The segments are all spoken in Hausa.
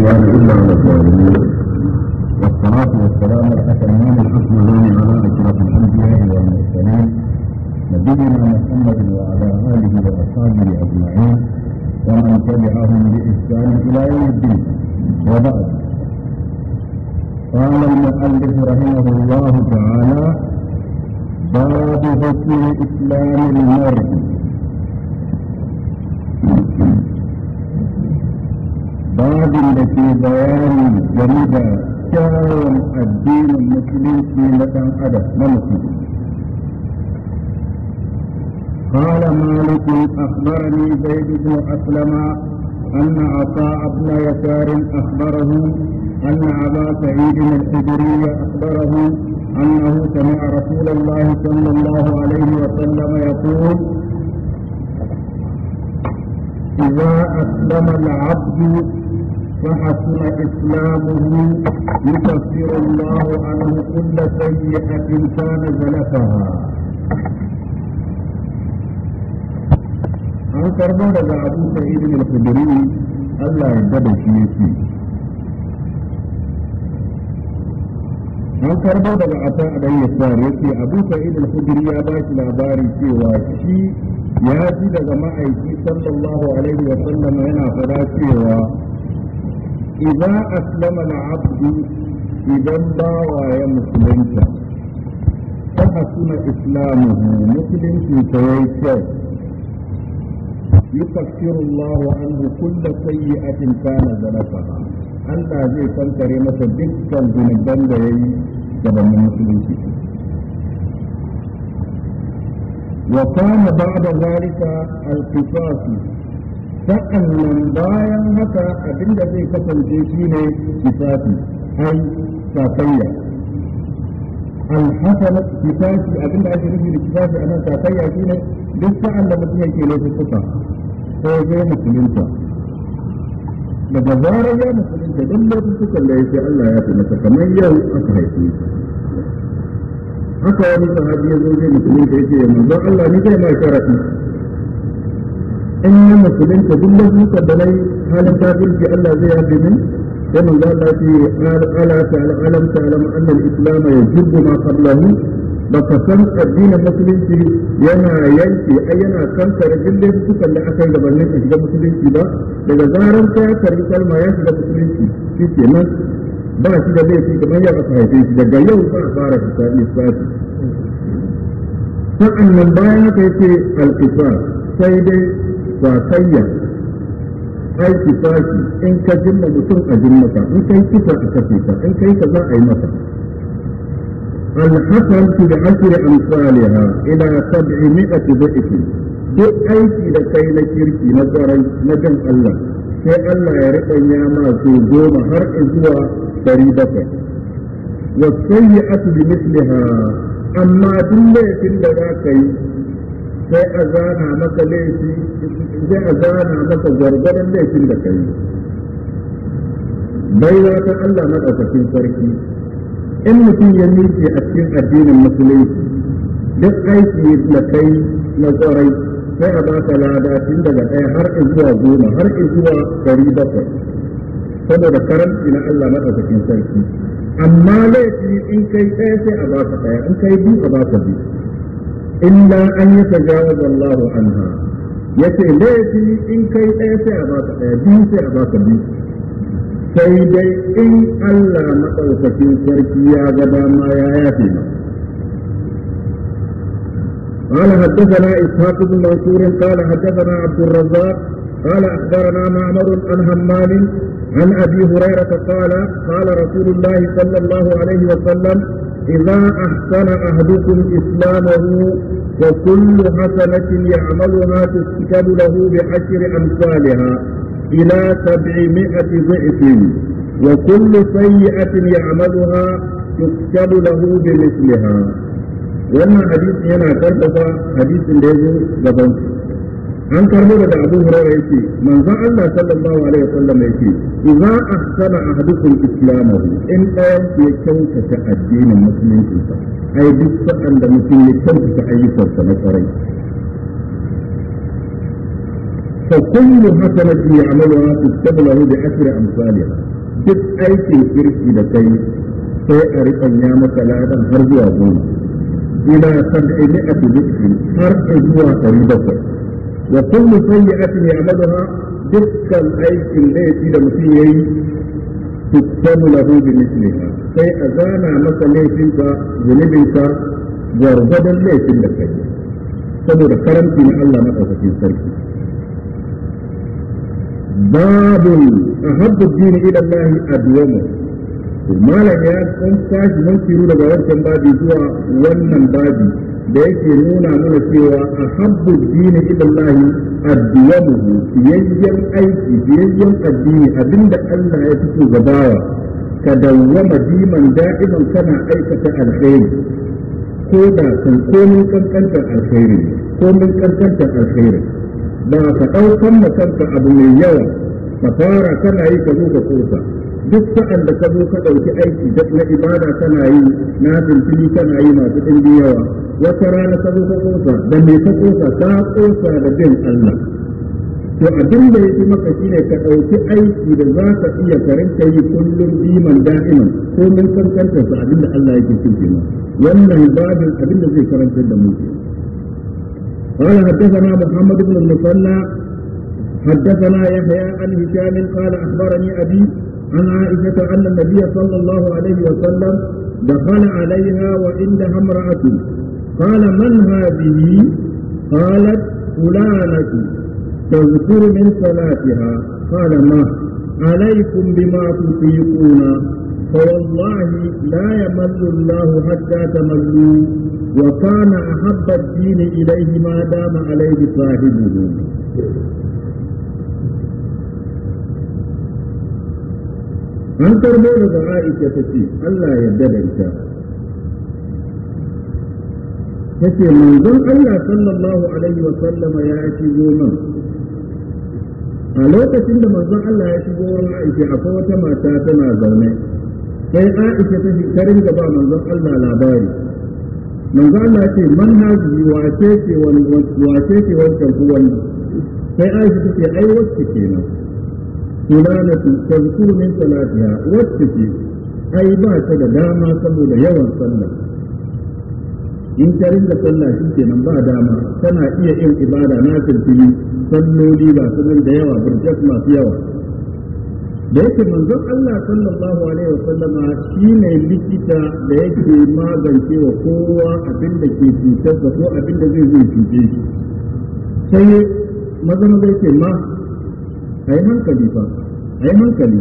الله إلا على الظالمين والصلاة والسلام الحسنان الحسنان على أشرف الأنبياء والمرسلين نبينا محمد وعلى آله وأصحابه أجمعين ومن تبعهم بإحسان إلى يوم الدين وبعد قال المؤلف رحمه الله تعالى باب حسن إسلام المرء الباب da بيان bayani كان الدين المسلم في musulunci أدب ɗan قال مالك أخبرني زيد بن أسلم أن عطاء بن يسار أخبره أن أبا سعيد الحجري أخبره أنه سمع رسول الله صلى الله عليه وسلم يقول إذا أسلم العبد فحسن إسلامه يكفر الله عنه كل سيئة كان زلفها an karbo daga abu سعيد من الخبرين ألا Allah ya shi an karbo daga ata adan yasar yake abu sa'id idan khudri ya ba shi labari cewa shi ya ji daga ma'aiki sallallahu alaihi wa sallam yana fada cewa إذا أسلم العبد إذا وهي مسلمك فحسن إسلامه مسلم في كويسه يكفر الله عنه كل سيئة كان ذنبها أنت هذه kankare masa من zunuban da ya yi gabanin وكان بعد ذلك القصاص sa'annan bayan haka abin da zai kasance shi ne kifafi ai An alhasanat kifafi abin da ake nufi da kifafi a nan safayya shi ne duk sa'an da mutum yake kuka, ko zai musulunta daga zarar ya musulunta don lokacin laifukan da yake Allah ya fi masa kamar yau aka haifi haka wani sahabi ya zo zai musulunta yake ya manzo Allah ni zai ma sharafi إن مسلم تدل فيك بلي هل كافر في ألا زي أبي من ومن قال في ألا تعلم ألم تعلم أن الإسلام يجب ما قبله بس كم الدين مسلم في ينا ينفي أينا كم ترجل لي فيك اللي أكل لبنين إذا مسلم في ذا لذا زارا كافر يسأل ما يسأل مسلم في في تيمان ba shi da laifi da manyan asahaifin shi daga yau ba a fara fitsari sa'an nan bayan haka yake alfisa sai sakayya aiki faki in ka jimma mutum a jimmata in kai kisa a kafe ka in kai ka za a yi masa الحسنة بعشر أمثالها إلى سبعمائة ضعف duk aiki da kai na kirki na tsaron na jan Allah sai Allah ya riɓanya masu goma har zuwa ɗari bakwai wasu yi asu bi misliha amma duk laifin da za ka yi sai a zana maka laifi sai a zana maka gwargwadon laifin da kai baiwa ta Allah na madaukakin sarki in mutum ya miƙe a cikin addinin musulunci duk aiki na kai na kwarai sai a baka lada tun daga ɗaya har in zuwa goma har in zuwa ɗari bakwai saboda karanci na Allah na madaukakin sarki amma laifi in kai ɗaya sai a baka ɗaya in kai biyu a baka biyu إلا أن يتجاوز الله عنها yace ليتي إن كي ɗaya أباك a baka ɗaya biyu إن ألا نقوك في sai dai ما Allah قال حدثنا إسحاق بن منصور قال حدثنا عبد الرزاق قال أخبرنا معمر عن همام عن أبي هريرة قال قال رسول الله صلى الله عليه وسلم إذا أحسن أهلكم إسلامه وكل حسنة يعملها تسكب له بعشر أمثالها إلى سبعمائة ضعف وكل سيئة يعملها تسكب له بمثلها وأن حديث هنا كتب حديث له an karbo da Abu Hurairah yake manzon Allah sallallahu alaihi wasallam yake idza ahsana ahadukum islamahu in ɗayan ya kyautata addinin musulunci sa ai duk sa'an da mutum ya kyautata ayyukansa na kwarai fa kullu hasanati ya'maluha tustablahu bi ashri amsalha duk aikin kirki da kai sai a riƙanya maka ladan har zuwa goma ila sab'i mi'ati dhikri har zuwa 700 wa kullu sayyi'atin ya'maluha dukkan aikin laifi da mutum yayi tuktamu lahu bi misliha sai a zana masa laifinka zunubinka gwargwadon laifin da kai saboda karanci na Allah madaukakin sarki باب أحب الدين إلى الله أدومه malam ya kun tashi mun firu daga wancan babi zuwa wannan babi da yake nuna mana cewa a habbin dini ila Allah addiyamu aiki fiyayyen addini abinda Allah ya fito gabawa ka dawwama diman da'iman kana aikata alkhairi ko da kan komin kankantar alkhairi komin kankantar alkhairi ba ka daukan kanka abu mai yawa ka fara kana yi ka zo ka kosa duk sa'an da ka zo ka ɗauki aiki duk na ibada kana yi na tuntuni kana yi masu ɗin yawa wata rana ta zo ta tsosa da mai ta tsosa ta tsosa da bin Allah to abin da yake maka shine ka ɗauki aiki da za ka iya karanta yi kullum biman da'iman ko min san kanta sa abin da Allah yake so kenan wannan babin abin da zai karantar da mu قال حدثنا محمد بن المثنى حدثنا يحيى عن هشام قال اخبرني ابي عن عائشه ان النبي صلى الله عليه وسلم دخل عليها وعندها امراه قال من هذه قالت فلانة تذكر من صلاتها قال ما عليكم بما تطيقون فوالله لا يمل الله حتى تملوا وكان أحب الدين إليه ما دام عليه صاحبه an karbo daga Aisha ta ce Allah ya dadanta tace manzon Allah sallallahu alaihi wa sallama ya ci goma a lokacin da manzon Allah ya shigo wurin Aisha akwai wata mata tana zaune sai Aisha ta ji karin gaba manzon Allah labari manzon Allah ce man haji wa ce wa ce wancan kuwan sai Aisha ta ce ai wacce kenan fulanatu tazkuru min salatiha wacce ce ai ba ta da dama saboda yawan sallah in ta rinka sallah shi nan ba dama tana iya yin ibada na tilfili salloli ba sanar da yawa burjas masu yawa da yake manzo Allah sallallahu alaihi wasallam shi ne likita da yake magance wa kowa abin da ke cutar da ko abin da zai zai cuce shi sai mazan da yake ma ai hankali fa ai hankali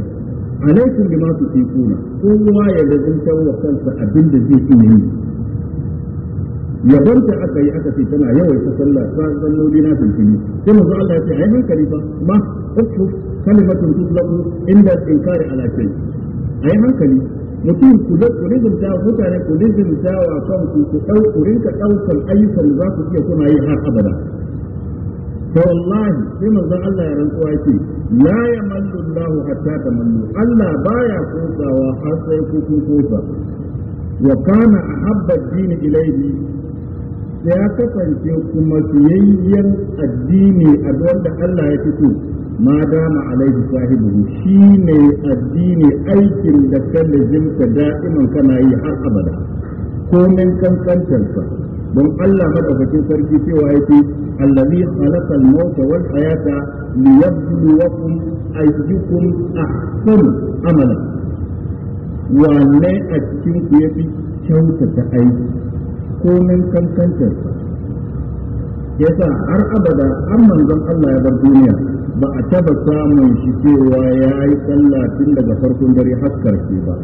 alaikum bima tuquna kowa ya lazunta wa kansa abin da zai iya yi yabanta aka yi aka ce tana yawaita sallah ta salloli na tuntuni sai manzo Allah ya ce ai hankali fa ma ukfu kalimatun tutlaqu inda inkari ala shay ai hankali mutum ku da ku rizumta mutane ku rizumta wa kanku ku dau ku rinka daukar ayyukan da za ku iya kuna yi har abada to wallahi sai manzo Allah ya rantsuwa ce la yamallu Allah hatta tamallu Allah baya kotsawa har sai ku kun kotsa wa kana ahabba ad-din ilayhi da ya kasance kuma siyayyen addini a wanda Allah ya fito ma dama alaihi sahibu shi ne addini aikin da kan da da'iman kana yi har abada komin kankantarsa don Allah madaukakin sarki cewa yake allazi khalaqa al-mauta wal hayata liyabluwakum ayyukum ahsanu amala wanne a cikin ku yafi kyautata aiki komin kankancin sa har abada an manzon Allah ya bar duniya ba a taba samun shi cewa ya yi sallah tun daga farkon dare har karshe ba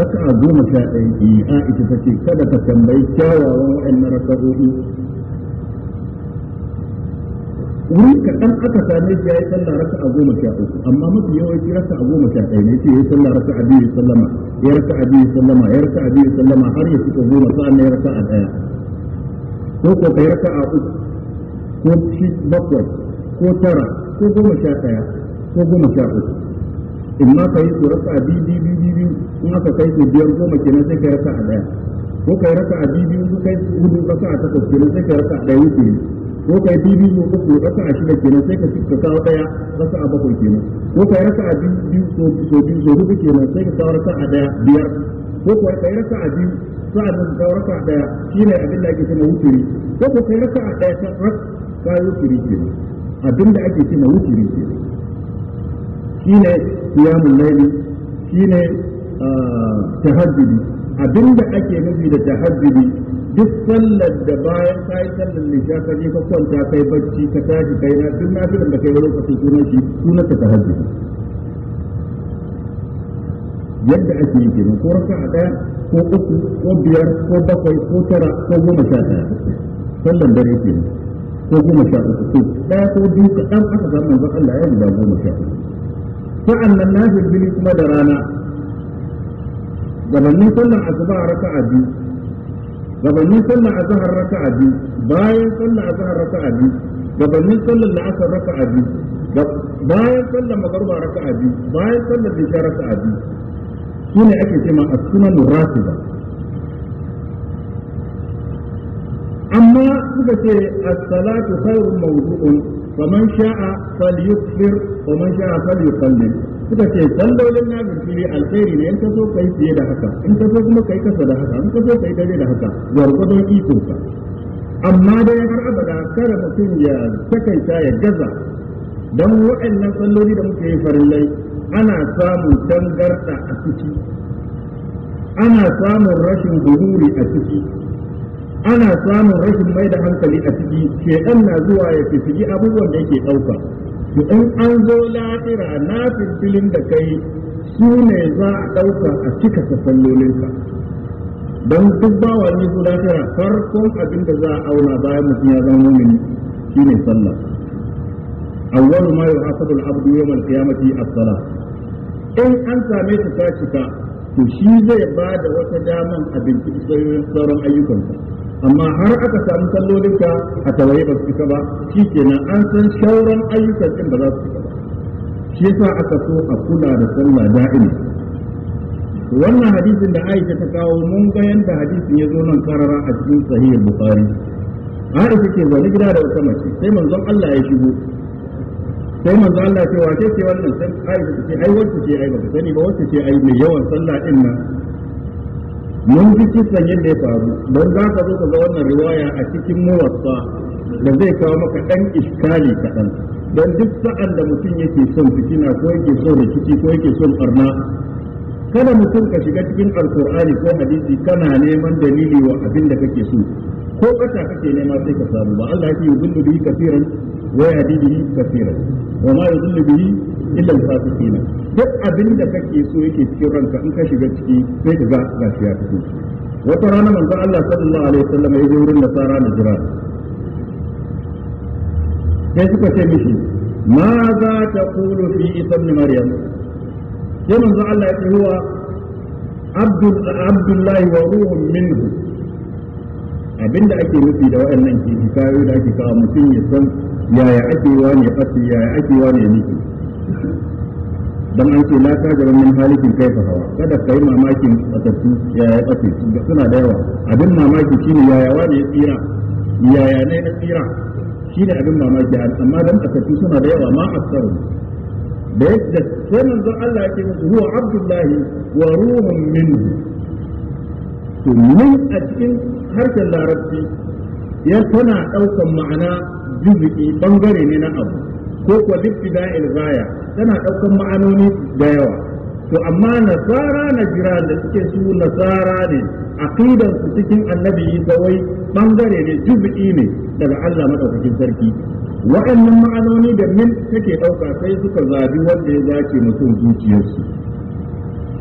raka'a goma sha ɗaya a ita ta ce kada ka tambayi kyawawan waɗannan raka'o'i wuri kaɗan aka same shi ya sallah raka a goma sha uku amma mafi yawanci raka a goma sha ɗaya ne ce ya sallah raka a biyu sallama ya raka a biyu sallama ya raka a biyu sallama har ya cika goma sa'an na ya raka a ɗaya ko ko kai raka a uku ko shi bakwai ko tara ko goma sha ɗaya ko goma sha uku in ma ka yi su raka a biyu biyu biyu biyu in aka kai su biyar goma kenan sai ka raka a ɗaya ko kai raka a biyu biyu ko kai hudu raka a takwas kenan sai ka raka a ɗaya yi. ko kai bibi ko ka so raka a shida kenan sai ka ka kawo daya raka a bakwai kenan ko kai raka a biyu so so biyu so hudu kenan sai ka kawo raka a daya biyar ko kai kai raka a biyu sa'an nan kawo raka a daya shine abin da ake cewa wutiri ko ko kai raka a daya ta raka kawo wutiri kenan abin da ake cewa wutiri kenan shine qiyamul layli shine ah, tahajjudi da ake nufi da tahajjudi duk sallar da bayan ka yi sallar lisha ka je ka kwanta kai bacci ka tashi kai na duk na da kai wani lokacin sunan shi sunan ta tahajjud yadda ake yi kenan ko raka a daya ko uku ko biyar ko bakwai ko tara ko goma sha daya sallar dare ne ko goma sha uku ko daya ko biyu kaɗan aka samu manzo Allah ya guda goma sha uku sa'an nan na kuma da rana gabanin sallar asuba raka'a biyu gabanin sallar raka a biyu bayan sallar raka a biyu gabanin sallar la'asar raka a biyu bayan sallar raka a biyu bayan sallar isha a biyu Su ne ake cewa as-sunan ratiba amma suka ce a salatu khairun mawdu'un faman sha'a falyukfir waman sha'a falyuqallil suka ce tsallolin na ne alkhairi ne in ka so kai fiye da haka in ka so kuma kai kasa da haka in ka so kai dare da haka gwargwadon iko ka amma dai har abada kada mutum ya takaita ya gaza Don waɗannan salloli da muke yi farin lai ana samun dangarta a ciki ana samun rashin gururi a ciki ana samun rashin mai da hankali a ciki shedan na zuwa ya fifigi abubuwan da yake ɗauka to in an zo lafira na filfilin da kai su ne za a ɗauka a cika ta ka, don duk bawa ne su lafira farkon abin da za a auna bayan mutum ya zama mumini ne sallah awwalu ma yuhasabu al-abdu yawm al-qiyamati as-salah in an same ta ta cika to shi zai ba da wata daman a binciki sauran ayyukansa amma har aka samu sallolinka a tawaye ba su cika ba shi kenan an san sauran ayyukan din ba za su cika ba shi yasa aka so a kula da sallah da'imi wannan hadisin da Aisha ta kawo mun ga yanda hadisin ya zo nan karara a cikin sahih Bukhari Aisha ke zaune gida da wata mace sai manzon Allah ya shigo sai zo Allah ce wace ce wannan sai Aisha ce ai wacce ce ai ba sani ba wacce ce ai mai yawan sallah din nan mun ji kisan yadda ya faru don za ka zo ka ga wannan riwaya a cikin muwassa da zai kawo maka dan iskali kaɗan don duk sa'an da mutum yake son fitina ko yake son rikici ko yake son barna kada mutum ka shiga cikin alkur'ani ko hadisi kana neman dalili wa abin da kake so ko kasa kake nema sai ka samu ba Allah yake yuzillu bi kafiran. ويهدي به كثيرا وما يضل به إلا الفاسقين duk abin da kake so yake cikin ranka in ka shiga ciki sai ka ga gashi ya fito wata rana manzon Allah sallallahu alaihi wasallam ya je wurin tsara da jira sai suka ce mishi ma za ta qulu fi isa ibn maryam sai manzon Allah ya ce huwa abdul abdullahi wa ruhun minhu abinda ake nufi da waɗannan kifi kayo da ake kawo mutum ya san yaya ake wa ne fasi yaya ake wa ne miki dan an ce la ta gaban min halikin kaifa hawa kada yi mamakin fatattu yaya fasi suna da yawa abin mamaki shine yaya wa ne ya tsira yaya ne na tsira shine abin mamaki amma dan fatattu suna da yawa ma aksaru da yadda sai manzon Allah yake musu huwa abdullahi wa ruhun minhu to min a cikin harshen larabci ya tana daukan ma'ana juz'i bangare ne na abu ko ko libtida'il ghaya tana daukan ma'anoni da yawa to amma nasara na jira da suke su nasara ne aqidan su cikin annabi Isa wai bangare ne juz'i ne daga Allah madaukakin sarki waɗannan ma'anoni da min take dauka sai suka zabi wanda ya dace mutum zuciyarsu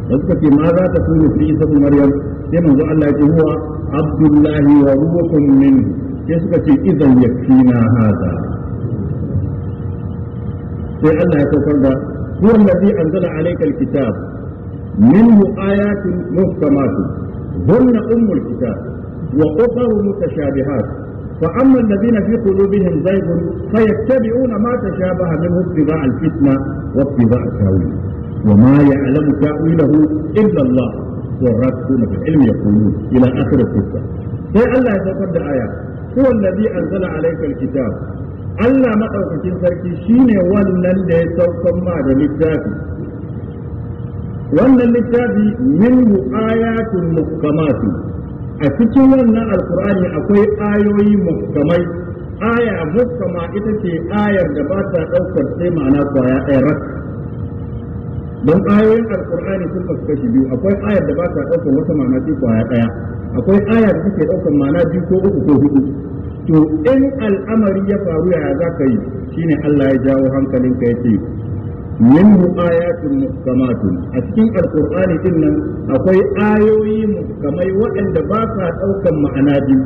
da suka ce ma za ta kuni fi isa maryam sai manzo Allah ya ce huwa abdullahi wa ruhun minhu sai suka ce idan yakfina hada sai Allah ya saukar da huwa allazi anzala alayka alkitab minhu ayatun muhkamatun hunna ummul kitab wa ukhra mutashabihat فأما الذين في قلوبهم زيغ فيتبعون ما تشابه منه ابتغاء الفتنة وابتغاء التأويل وما يعلم تأويله إلا الله والراسخون في العلم يقولون إلى آخر القصة sai Allah ya saukar da aya huwa allazi anzala alayka alkitab Allah madaukakin sarki shine wannan da ya saukan ma da littafi wannan littafi min ayatun muhkamatu a cikin wannan alkur'ani akwai ayoyi muhkamai aya muhkama ita ce ayar da ba ta daukar sai ma'ana kwaya ɗaya rak don ayoyin alkur'ani sun kasu kashi biyu akwai ayar da ba ta ɗaukar wata ma'ana ce kwaya ɗaya akwai ayar da take ɗaukar ma'ana biyu ko uku ko hudu to in al'amari ya faru yaya za ka yi shine Allah ya jawo hankalin ka ya ce minhu ayatun muhkamatun a cikin alkur'ani din nan akwai ayoyi muhkamai waɗanda ba sa ɗaukar ma'ana biyu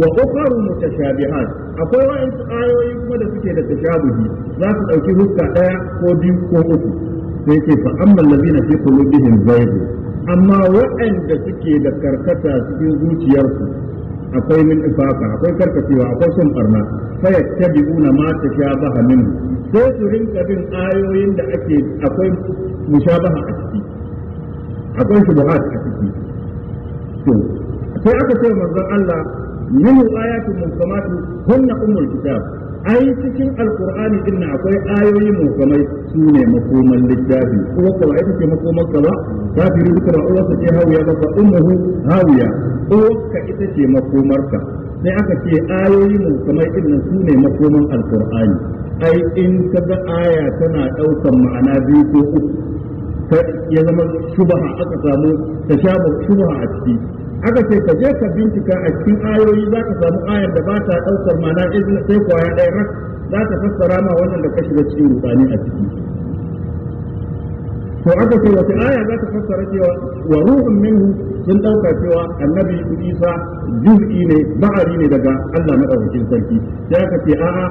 wa ukharu mutashabihat akwai wa'ansu ayoyi kuma da suke da tashabuhi za su ɗauki hukka ɗaya ko biyu ko uku sai ce fa amman ladina fi qulubihim zayg amma waɗanda suke da karkata cikin zuciyarsu akwai min ifaka akwai karkacewa akwai son barna fa yattabi'una ma tashabaha min sai su rinka bin ayoyin da ake akwai mushabaha a ciki akwai shubuhat a ciki to sai aka ce manzon Allah minhu ayatun muhkamatun hunna ummul kitab ai cikin alkur'ani din nan akwai ayoyi mukamai su ne makoman littafi ko ko ai take makoman kaza ba kafiri duka ba uwa ce hawiya ba fa ummuhu hawiya ka ita ce makomarka sai aka ce ayoyi mukamai din nan su ne makoman alkur'ani ai in ga aya tana daukan ma'ana biyu ko uku ya zama shubaha aka samu ta tashabu shubaha a ciki aka ce ka je ka bincika a cikin ayoyi za ka samu ayar da ba ta ɗaukar ma'ana izina sai kwaya ɗaya rak za ta fassara ma wannan da ka shiga cikin rufani a ciki to aka ce wata aya za ta fassara cewa wa ruhun minhu sun ɗauka cewa annabi isa juz'i ne ba'ari ne daga Allah madaukakin sarki sai aka ce a'a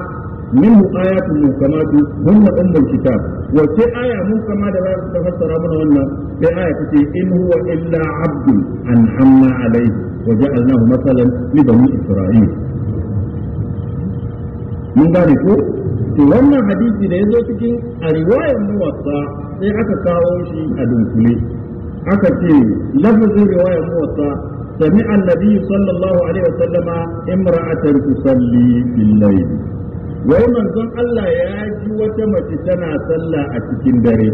minhu ayatun muhkamatu hunna ummul kitab wace aya muhkama da za ta fassara mana wannan sai aya tace in huwa illa abdun an'amna alayhi wa ja'alnahu masalan li bani isra'il mun gane ko to wannan hadisi da zo cikin a riwayar muwatta sai aka kawo shi a dunkule aka ce lafazin riwayar muwatta سمع النبي صلى الله عليه وسلم امرأة تصلي في الليل wai manzon Allah ya ji wata mace tana sallah a cikin dare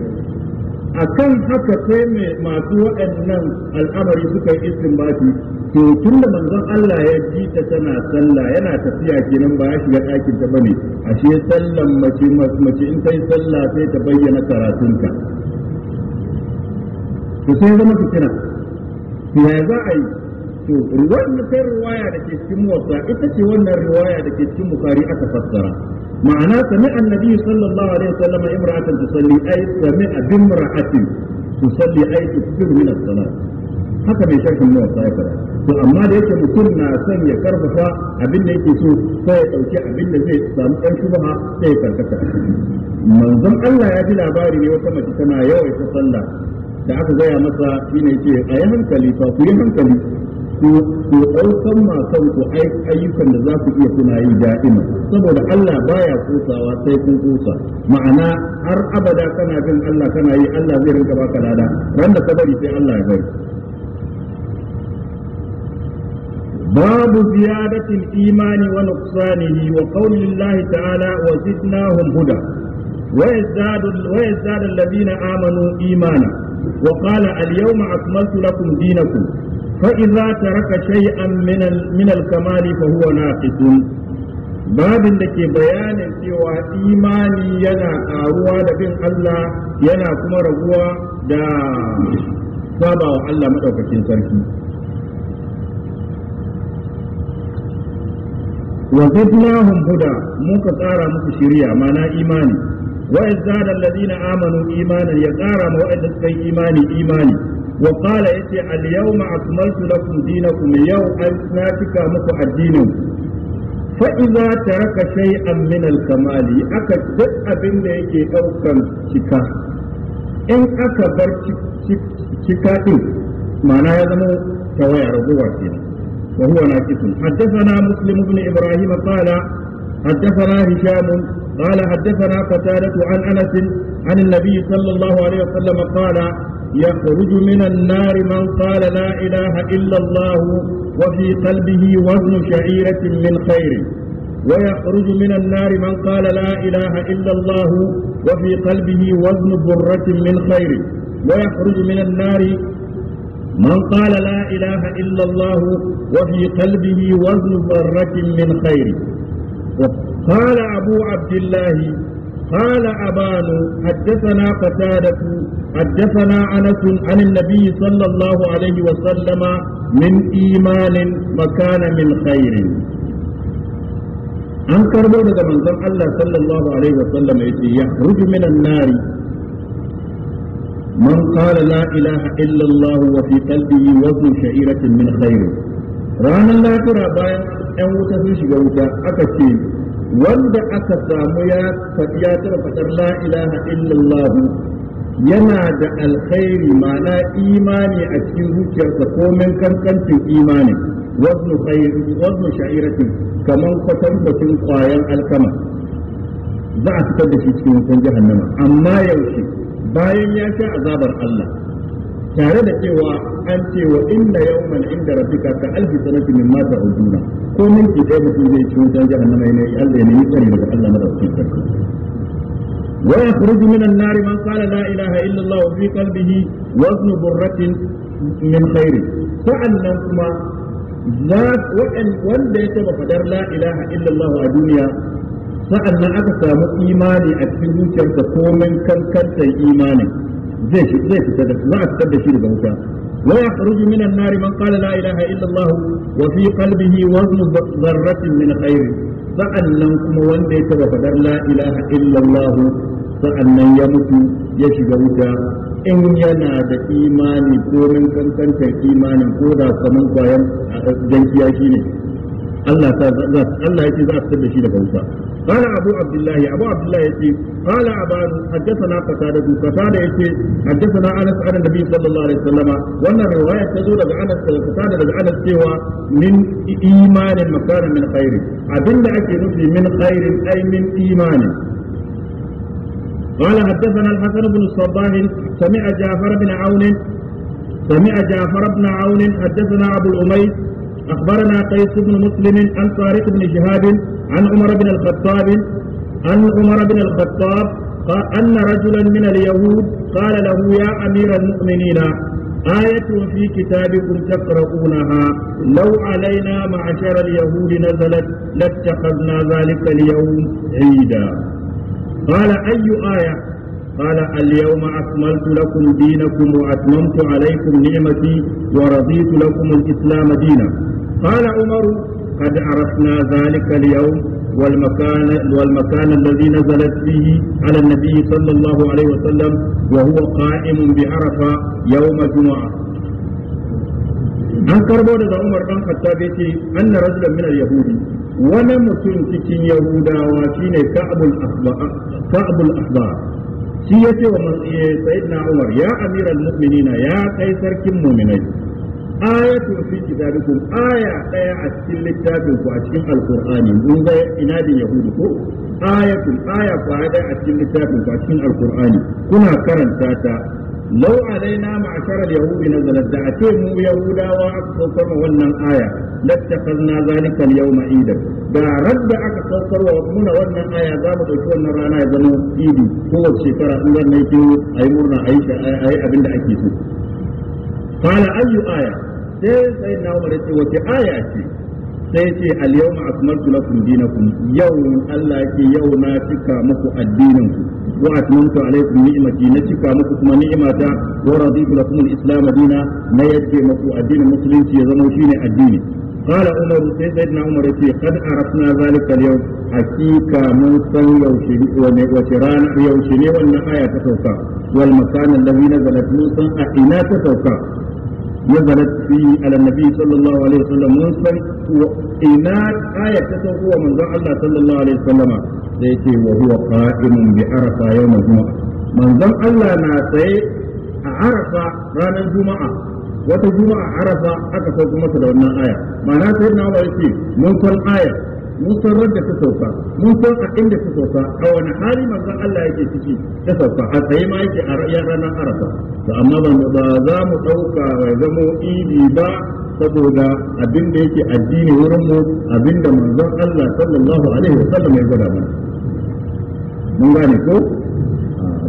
akan haka sai mai masu waɗannan al'amari suka yi istinbati to tunda manzon Allah ya ji ta tana sallah yana tafiya kenan ba ya shiga ɗakin ta bane ashe sallan mace mace in sai sallah sai ta bayyana karatunta to sai zama fitina to ya za a yi to wannan ta riwaya da ke cikin muwatta ita ce wannan riwaya da ke cikin bukari aka fassara ma'ana sami annabi sallallahu alaihi wasallam imra'atan tusalli ay sami abin bimra'atin tusalli ay tukfir min as-salat haka mai sharhin muwatta ya fara to amma da yake mutum na son ya karfafa abin da yake so sai ya dauki abin da zai samu dan shubha sai ya karkata manzon Allah ya ji labari ne wata mace tana yawaita sallah da aka gaya masa shine yake a yi hankali fa ku yi hankali ku ku ɗaukan masan ku ayyukan da za ku iya kuna yi da'ima saboda Allah baya kusawa sai kun kusa ma'ana har abada kana bin Allah kana yi Allah zai rinka baka lada ran da ka bari sai Allah ya bari باب زيادة الإيمان ونقصانه وقول الله تعالى وزدناهم هدى ويزداد, ويزداد الذين آمنوا إيمانا وقال اليوم أكملت لكم دينكم فإذا ترك شيئا من من الكمال فهو ناقص babin da ke bayanin cewa imani yana ƙaruwa da bin Allah yana kuma raguwa da saba wa Allah maɗaukakin sarki wa zidnahum huda muka tsara muku shiriya mana imani wa izzada alladhina amanu imanin ya tsara ma wa'anda suka yi imani imani وقال يتي اليوم أكملت لكم دينكم يوم أناتك مكو الدينكم فإذا ترك شيئا من الكمال أكد أبن يكي أوكا شكا إن أكبر شكا معنى يزمو سوى ربوة وهو ناكس حدثنا مسلم بن إبراهيم قال حدثنا هشام قال حدثنا قتادة عن أنس عن النبي صلى الله عليه وسلم قال يخرج من النار من قال لا إله إلا الله وفي قلبه وزن شعيرة من خير ويخرج من النار من قال لا إله إلا الله وفي قلبه وزن برة من خير ويخرج من النار من قال لا إله إلا الله وفي قلبه وزن برة من خير قال أبو عبد الله قال أبان حدثنا قتادة حدثنا أنس عن النبي صلى الله عليه وسلم من إيمان مكان من خير an karbo daga manzon Allah sallallahu alaihi wa sallam yace ya ruju minan nari man qala la ilaha illa Allah wa fi qalbihi wazn sha'iratin min khair ranan lafira bayan 'yan wuta sun shiga wuta aka ce wanda aka samu ya faɗi ya taɓa faɗar la ilaha illallah yana da alkhairi ma'ana imani a cikin zuciyarsa komen kankancin imani waznu khair waznu sha'iratin kaman kwatankwacin kwayan alkama za a fitar da shi cikin wutan jahannama amma yaushe bayan ya sha azabar Allah tare da cewa an ce wa inna yawman inda rabbika ka alfi sanati min ma ta'uduna ko min ki ɗaya mutum zai ci wutan jahannama ne Allah ya nemi tsari daga Allah madaukakin sarki wa yakhruju min an-nar man qala la ilaha illa Allah fi qalbihi wazn burratin min khair sa'annan kuma wanda ya taba fadar la ilaha illa Allah a duniya sa'annan aka samu imani a cikin zuciyarsa komai kankantar imanin zai zai da za a fitar da shi daga wuta wa yakhruju min an-nar man qala la ilaha illa Allah wanda ya taba sa'annan ya mutu ya wuta in yana da imani ko min kankantar imanin ko da kaman kwayan jankiya shine Allah ta za Allah yace za a fitar da shi daga wuta قال أبو عبد الله أبو عبد الله يتي قال أبان حدثنا قتادة قتادة يتي حدثنا أنس عن النبي صلى الله عليه وسلم وأن الرواية تزول أنس قتادة أنس سوى من إيمان مكان من خير أبن أكي نفي من خير أي من إيمان قال حدثنا الحسن بن الصباح سمع جعفر بن عون سمع جعفر بن عون حدثنا أبو الأميس أخبرنا قيس بن مسلم عن طارق بن شهاب عن عمر بن الخطاب عن عمر بن الخطاب قال أن رجلا من اليهود قال له يا أمير المؤمنين آية في كتابكم تقرؤونها لو علينا معشر اليهود نزلت لاتخذنا ذلك اليوم عيدا قال أي آية قال اليوم أكملت لكم دينكم وأتممت عليكم نعمتي ورضيت لكم الإسلام دينا قال عمر قد عرفنا ذلك اليوم والمكان والمكان الذي نزلت فيه على النبي صلى الله عليه وسلم وهو قائم بعرفه يوم الجمعه an karbo daga Umar dan Khattab yace anna rajulan min al-yahudi wani mutum cikin yahudawa shine Ka'bul Ahbar Ka'bul Ahbar shi yace wa sayyidina Umar ya amiral mu'minina ya kai sarkin mu'minai ayatun fi kitabikum aya daya a cikin littafin ku a cikin alqur'ani mun ina inadin yahudu ko ayatun aya kwaya daya a cikin littafin ku a cikin alqur'ani kuna karanta ta law alaina ma'ashara al-yahudi nazalat da ake mu yahudawa aka saukar wannan aya lattakhazna zalika al-yawma ida da radda aka saukar wa muna wannan aya za mu dauki wannan rana ya zama idi kowace shekara in zan yi ayi murna ayi abinda ake so قال أي آية sai sai na umar ce wace aya ce sai ce al-yawma akmaltu lakum dinakum yau Allah yake yau na cika muku addinin ku wa atmamtu alaykum ni'mati na cika muku kuma ni'mata wa raditu lakum al-islam dina na yake muku addinin musulunci ya zama shine addini san عمر سيدنا عمر wace rana عرفنا ne اليوم حقيقة aya ta sauka wal makana آية تتوقع والمكان الذي a موسى ta sauka. نزلت فيه على النبي صلى الله عليه وسلم منصر وإنات آية تسوق من الله صلى الله عليه وسلم سيتي وهو قائم بعرفة يوم الجمعة من ذن الله ناسي عرفة رانا الجمعة wata juma'a arafa aka sauko masa da wannan aya ma'ana sai na wa yace mun san aya mun san radda ta sauka mun san a inda ta sauka a wani hali manzon Allah yake ciki ta sauka a tsaye ma yake a ranar arafa to amma ba za mu dauka bai zamo idi ba saboda abin da yake addini wurin mu abin da manzon Allah sallallahu alaihi wasallam ya gwada mana mun gane ko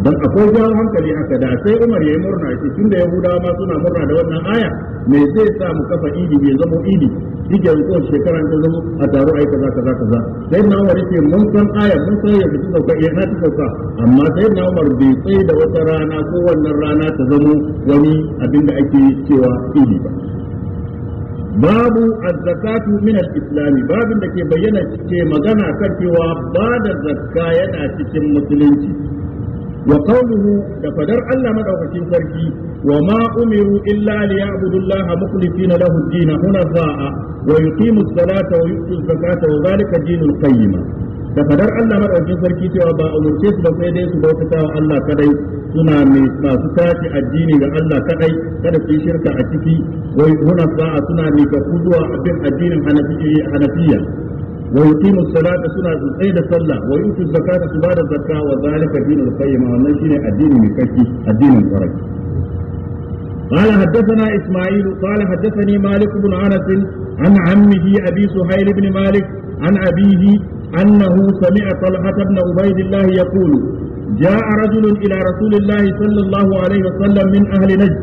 dan akwai jan hankali haka da sai Umar yayi murna shi tunda Yahudawa ma suna murna da wannan aya me zai sa mu kafa idi bai zama idi yake ko shekaran ta zama a taro ai kaza kaza kaza sai na Umar yake mun san aya mun san yadda ta sauka ya eh, na ta sauka amma sai na Umar bai sai da wata rana ko wannan rana ta zamo wani abin da ake cewa idi ba Babu باب min al Islami, babin da ke bayyana ke magana kan cewa ba da zakka yana cikin musulunci wa qawluhu da fadar Allah maɗaukacin sarki wa ma umiru illa liya'budullaha mukhlisina lahu ad-din hunafa'a wa yuqimu as-salata wa yu'tu az-zakata wa dhalika dinul qayyim da fadar Allah maɗaukacin sarki cewa ba umurce su ba sai dai su bautata wa Allah kaɗai? suna mai masu tashi addini ga Allah kaɗai? kada su shirka a ciki wai hunafa'a suna mai ka zuwa abin addinin hanafiya ويقيم الصلاة سنة أيد صلى ويؤتي الزكاة بعد الزكاة وذلك دين القيمة والنشر الدين المكشي الدين الفرج قال حدثنا إسماعيل قال حدثني مالك بن أنس عن عمه أبي سهيل بن مالك عن أبيه أنه سمع طلحة بن عبيد الله يقول جاء رجل إلى رسول الله صلى الله عليه وسلم من أهل نجد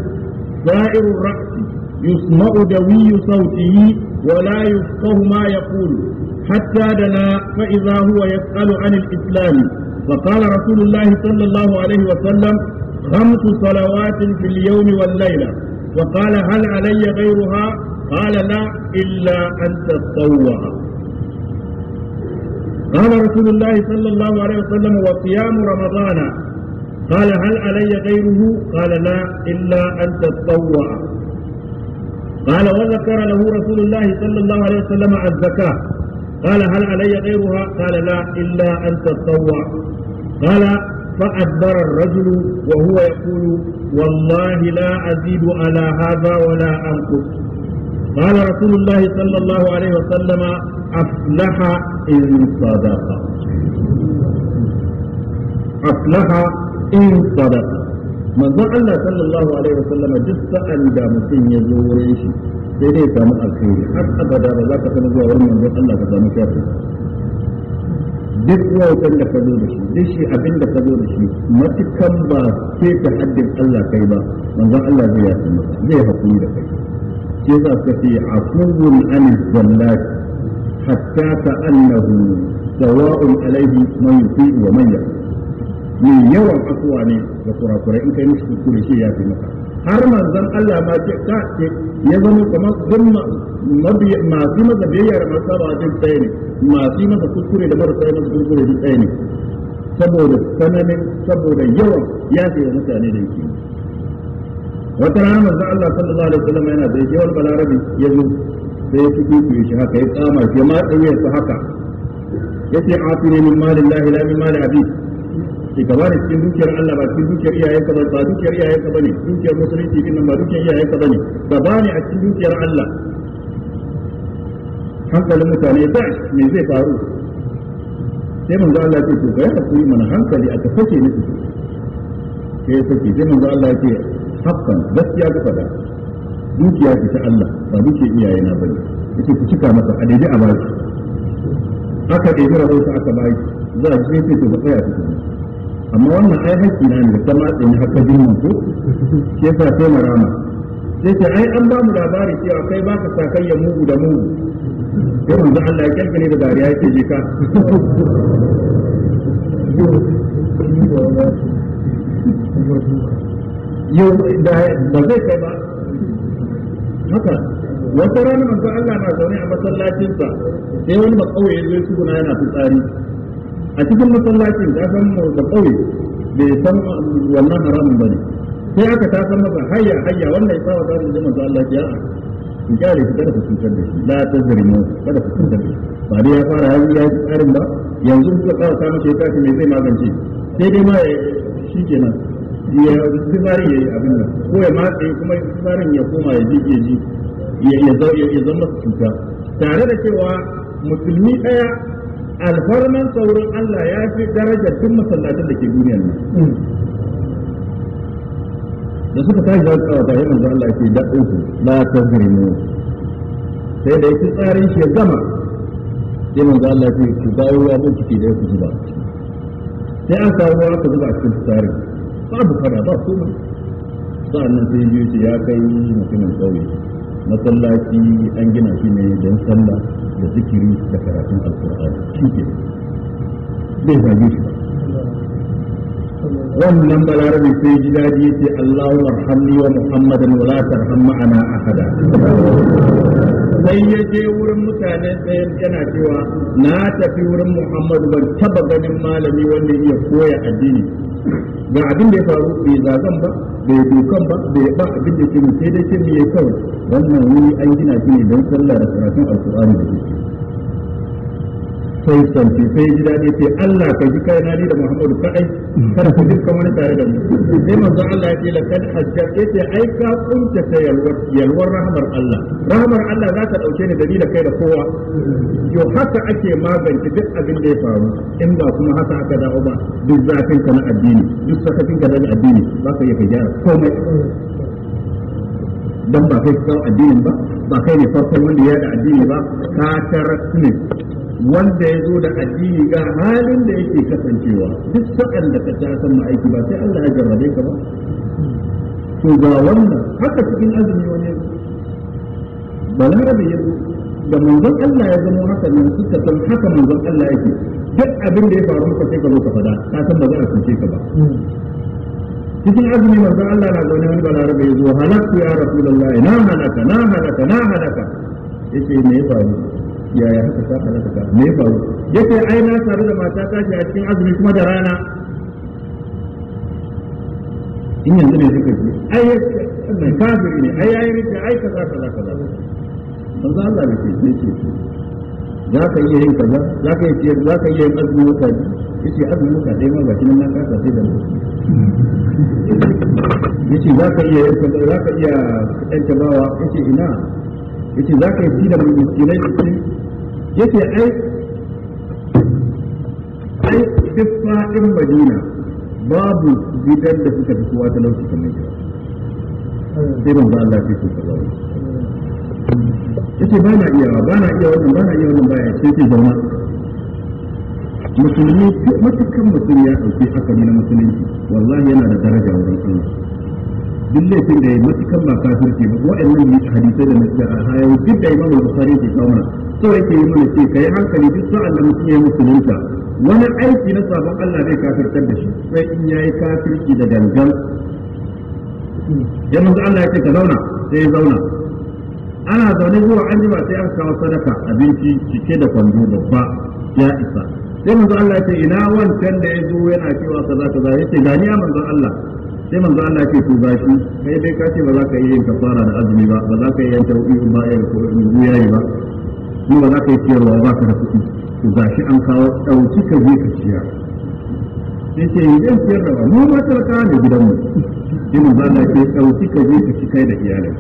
سائر الرأس يسمع دوي صوته ولا يفقه ما يقول حتى دنا فإذا هو يسأل عن الإسلام فقال رسول الله صلى الله عليه وسلم خمس صلوات في اليوم والليلة وقال هل علي غيرها قال لا إلا أن تتطوع قال رسول الله صلى الله عليه وسلم وصيام رمضان قال هل علي غيره قال لا إلا أن تتطوع قال وذكر له رسول الله صلى الله عليه وسلم الزكاة قال هل علي غيرها قال لا إلا أن تتطوع قال فأدبر الرجل وهو يقول والله لا أزيد على هذا ولا أنقص قال رسول الله صلى الله عليه وسلم أفلح إن صدق أفلح إن صدق manzon Allah sallallahu alaihi wasallam duk sa'an da mutum ya zo wurin shi sai dai samu alkhairi har abada ba za ka sanar zuwa wani manzon Allah ka samu shafi duk wautar da ka zo da shi duk shi abin da ka zo da shi matukan ba ke ta haddin Allah kai ba manzon Allah zai yafi maka zai hakuri da kai ke za ka ce afuwun anil zallat hatta ta annahu sawa'un alaihi man yufi wa man yafi yawan afuwa ne ga kurakurai in kai mishi kuskure shi yafi maka har manzon Allah ma ce ka ce ya zama kamar zumma masu masa biyayya da masu saba duk tsaye ne masu masa kuskure da marasa masa kuskure duk tsaye ne saboda sananin saboda yawan ya ce wa mutane da yake wata rana manzon Allah sallallahu alaihi wasallam yana da yawan balarabi ya zo sai ya fito shi haka ya kama shi ma ɗauye su haka yace afine min malillahi la min mali abi ki gaba da cikin dukiyar Allah ba cikin dukiyar iyayenka ba ba dukiyar iyayenka bane dukiyar musulunci din ba dukiyar iyayenka bane gaba ne a cikin dukiyar Allah hankalin mutane ba me zai faru sai manzo Allah ya ce to kai hakuri mana hankali aka kace ni sai kace sai manzo Allah ya ce hakkan gaskiya ku faɗa, dukiya ki ta Allah ba dukiyar na bane yace ku cika masa a daidai a baki aka ɗebi rahoto aka baki za a ce to ba tsaya ta amma wannan ai haƙƙi na ne ta matsayin haka jinnan ko ke sa sai mu rama sai ce ai an ba mu labari cewa kai ba ka sakayya mugu da mugu sai manzo Allah ya ne da dariya yake je ka yau da ba zai kai ba haka wata rana manzo Allah na zaune a masallacinsa sai wani makauye zai zo ya yana fitsari a cikin masallacin ya san mu da kauye bai san wannan haramun bane sai aka ta san masa hayya hayya wannan ya sa wa ta da manzo Allah ya ku kare shi kada ku cutar da shi la ta mu kada ku cutar da shi ba dai ya fara yayi ya yi tsarin ba yanzu kuka kawo ta mace ta ce mai zai magance sai dai ma ya shi kenan ya tsarin yayi abin nan ko ya matse kuma tsarin ya koma ya ji ya ji ya zama cuta tare da cewa musulmi daya alfarman saurin Allah ya fi darajar tun masallatan da ke duniyar nan da suka tashi za su tsawata ya manzo Allah ke da uku la mu. sai da yake tsarin shi ya gama ya manzo Allah ke ku dawo ya mun kike da ku zuba sai an kawo ruwa ka zuba cikin tsarin babu fara ba komai sa'annan sai ya ce ya kai mutumin kauye masallaci an gina shi ne don sallah da zikiri da karatun alkur'ani shi ke bai zage shi ba wannan balarabe sai ji daji ya ce Allahu arhamni wa Muhammadan wa la tarham ma'ana ahada sai ya je wurin mutane sai yana cewa na tafi wurin Muhammadu ban taba ganin malami wanda ya koya addini ga abin da ya faru bai zagan ba bai dokan ba bai ba abin da ke sai dai ce mai kawai wannan wuri an gina shi ne don sallah da karatun alkur'ani da ke. sai santi sai ji daɗi ce Allah ka ji kai ni da Muhammadu kadai kada ku dukkan wani tare da mu sai manzo Allah ya ce lakad hajjar yace ai ka kunta ta yalwar yalwar rahmar Allah rahmar Allah za ta dauke ni da ni da kai da kowa yo haka ake magance duk abin da ya faru in ba kuma haka aka dawo ba duk zafin ka na addini duk sakacin ka na addini ba ka iya ka gyara komai dan ba kai kawo addinin ba ba kai ne farkon wanda ya da addini ba ka tarar ne wanda ya zo da addini ga halin da yake kasancewa duk sakan da ka ta san ma'aiki ba sai Allah ya jarrabe ka ba to ga wannan haka cikin azumi wani balarabe ya zo da manzon Allah ya zama haka ne suka san haka manzon Allah yake duk abin da ya faru ka sai ka zo ka fada ka san ba za a kunce ka ba cikin azumi manzon Allah na zaune wani balarabe ya zo halakku ya rasulullahi na halaka na halaka na halaka yace me ya faru yaya haka ka kaza kaza me ya faru yace ai na sadu da mata ta a cikin azumi kuma da rana in yanzu ne suka ce ai mai kafiri ne ai rike ai kaza kaza kaza manzo Allah ne ce ce za ka iya yin kaza za ka iya za ka iya yin azumi wata yace azumi wata dai ma nan na sai da yace za ka iya za ka iya ɗan yace ina yace za ka yi da Yake ai ai duk fadin madina babu gidan da suka fi kowa talauci kamar gida sai ban ba Allah sai su sallallahu yace ba na iya ba na iya wannan ba na iya wannan baya sai ke zauna musulmi duk matukan mutum ya dauke akali na musulunci wallahi yana da daraja wurin Allah duk laifin da ya matukan ba kafirci ba wa'annan hadisai da na a hayan duk da Imam Bukhari ke kawo so yake yi mana ce kai hankali duk sa'an da mutum ya musulunta wani aiki na sabon Allah zai kafirtar da shi sai in yayi kafirci da gangan ya manzo Allah ya ka zauna sai ya zauna ana zaune zuwa an jima sai aka kawo sadaka abinci cike da kwando babba ya isa sai manzo Allah ya ina wancan da ya zo yana cewa kaza kaza yake ga ni manzo Allah sai manzo Allah ya to ba shi kai dai ka ce ba za ka yi yin kafara da azumi ba ba za ka yi yanka ubi ba ya ko ubi yi ba shi ba za ka yi ciyarwa ba ka da kuɗi to ga shi an kawo ɗauki ka je ka ciyar sai ce yi zan ciyar da ba mu ba talakawa ne gidanmu sai mu na ce ɗauki ka je ka ci kai da iyalai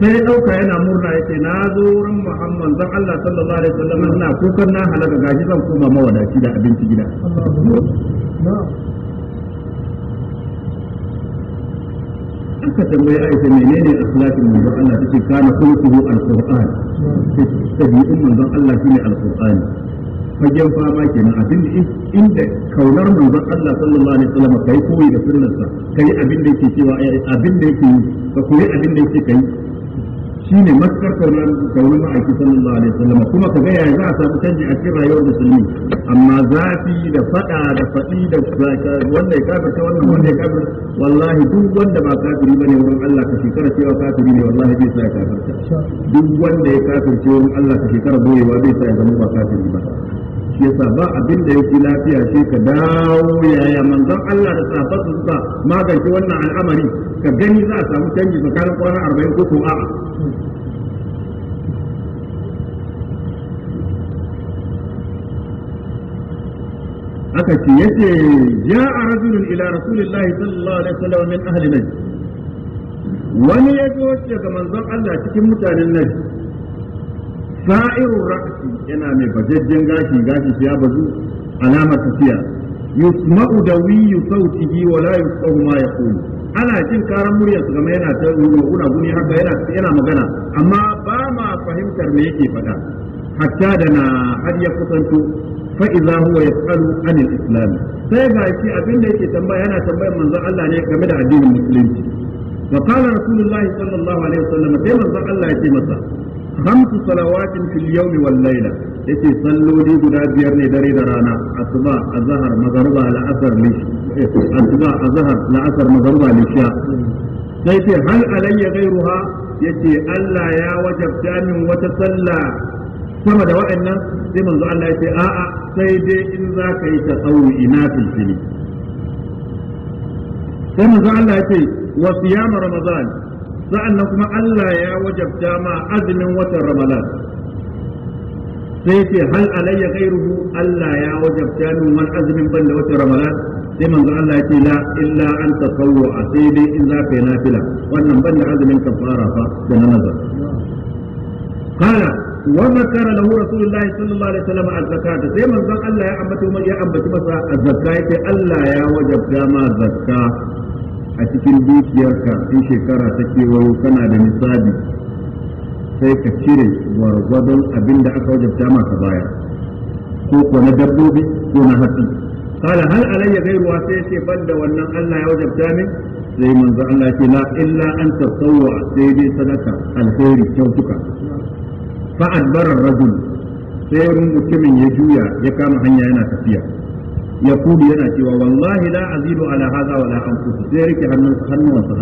sai ɗauka yana murna ya ce na zo wurin muhammad zan allah sallallahu alaihi wasallam ina kukan na halaka gashi zan koma mawadaci da abinci gida suka tambayi aisha menene akhlaqin manzon Allah take kana kulluhu alquran tabi'un manzon Allah shine alqur'ani fagen fama kenan abin da inda kaunar manzon Allah sallallahu alaihi wasallam kai koyi da sunnarsa kai abin da yake cewa eh, abin da yake ka koyi abin da yake kai shine nan kaunar wani ma'aiki sallallahu alaihi wasallam kuma ka gaya za a samu canji a cikin rayuwar musulmi amma zafi da fada da fadi da wanda ya ta wannan wanda ya kafir wallahi duk wanda ba kafiri bane wurin Allah ka shekara cewa kafiri ne wallahi bai sa ya kafirta duk wanda ya kafirce cewa Allah ka shekara boyewa bai sa ya zama ba kafiri ba shi yasa ba abin da yake lafiya shi ka dawo yaya manzon Allah da sahabbansa suka magance wannan al'amari ka gani za a samu canji tsakanin kwanan arba'in ko ko a'a aka ce ya a rajulun ila rasulillahi sallallahu alaihi wasallam min ahli najd wani ya wacce ga manzon Allah cikin mutanen najd sa'irun ra'si yana mai bajajjen gashi gashi ya bazu alamar tafiya yusma'u da dawiyu sautihi wa la yusma'u ma yaqulu ana jin karan muryar su game yana ta wa guni haka yana yana magana amma ba ma fahimtar me yake faɗa hatta da na har ya kusanto fa idza huwa yasalu an al-islam sai ga shi abin da yake tambaya yana tambayar manzon Allah ne game da addinin musulunci wa qala rasulullahi sallallahu alaihi wasallam sai manzon Allah yake masa khamsu salawatin fil yawmi wal layla yace salloli guda biyar ne dare da rana asuba azhar magharba al'asr lish eh, asuba azhar al'asr magharba lisha sai ce hal alayya ghayruha yace Allah ya wajabta min wata sallah sama da wa'annan sai manzo Allah yace a'a sai dai in zaka yi tasawwi na filfili sai manzo Allah yace wa siyam ramadan sa'annan kuma Allah ya wajabta ma azumin watan Ramadan sai ce hal alayya ghairuhu Allah ya wajabta min wani azumin banda watan Ramadan sai manzo Allah ya ce la illa an tasawwa sai dai in za ka yi nafila wannan banda azumin kafara fa da na nazar kana وذكر له رسول الله صلى الله عليه وسلم الزكاة زي من ذن الله يا أمتي ومن يا أمتي بس الزكاة Allah ya wajabta ma zakka. a cikin dukiyarka in shekara ta kewayo kana da misali sai ka cire gwargwadon abin da aka wajabta maka baya ko ko na dabbobi ko na hatsi kala hal alayya ruwa sai ce banda wannan Allah ya wajabta min sai manzo Allah ce la illa an tasawwa sai dai sadaka alheri kyautuka fa adbara rajul sai mutumin ya juya ya kama hanya yana tafiya ya kudu yana cewa wallahi la azidu ala hadha wa la anqus sai rike hannun hannuwan sa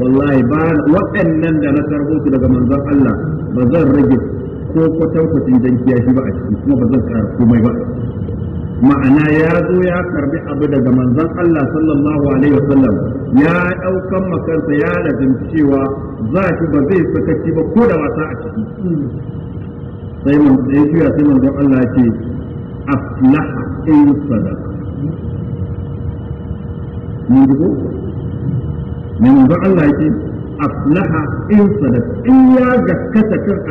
wallahi ba waɗannan da na karbo su daga manzon Allah ba zan rage ko kwatankwacin jankiya shi ba a ciki kuma ba zan ƙara komai ba ma'ana ya zo ya karbi abu daga manzon Allah sallallahu alaihi wasallam ya daukan makansa ya lazimci cewa za shi ba zai sakaci ba ko da wasa a ciki sai mun sai sai manzon Allah ya ce أفلح إن صدق من جبو من ذا الله يجي أفلح إن صدق إن يا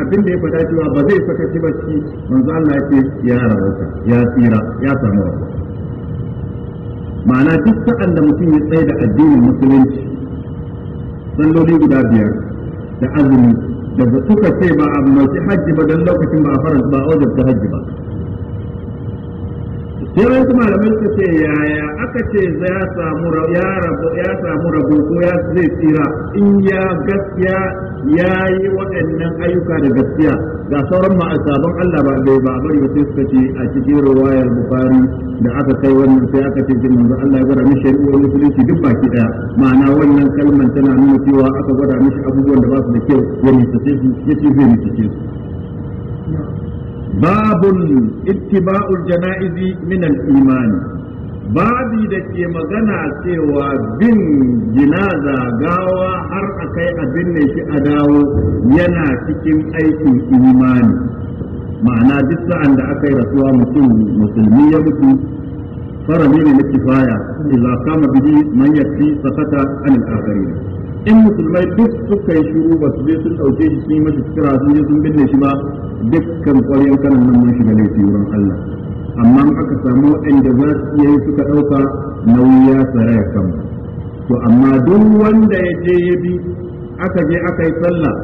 أبن لي فدا جوا فكتي بشي من ذا الله يجي يا ربوتا يا سيرا يا سامورا ma'ana duk sa'an da mutum ya tsaye da addinin musulunci salloli guda biyar da azumi da suka ce ba a mace hajji ba don lokacin ba a faransa ba a wajen hajji ba sai wasu malamai su ce yaya aka ce ya samu ya samu rabu ko ya zai tsira in ya gaskiya ya yi waɗannan ayyuka da gaskiya ga sauran ma'asaban Allah ba bai ba bari ba suka ce a cikin riwayar Bukhari da aka kai wannan sai aka ce jin manzo Allah ya gwada mishi shari'o'in musulunci duk baki ɗaya ma'ana wannan kalman tana nuna cewa aka gwada mishi abubuwan da ba su da kyau ya sai su ya ce zai ce su babun اتباع jana'izi من الايمان imani babi da ke magana cewa bin jinaza gawa har a kai abin ne shi a dawo yana cikin aikin imani ma'ana duk sa'an da aka rasuwa mutum musulmi ya mutu farami ne na kifaya illa kama bihi man yafi sakata anil akhirin in musulmai duk suka yi shiru ba su je sun ɗauke shi sun yi masa fikira sun je sun binne shi ba dukkan kwaryan kanan nan mun shiga laifi wurin Allah amma aka samu waɗanda za su iya yi suka ɗauka nauyi ya ya kama to amma duk wanda ya je ya bi aka je aka yi sallah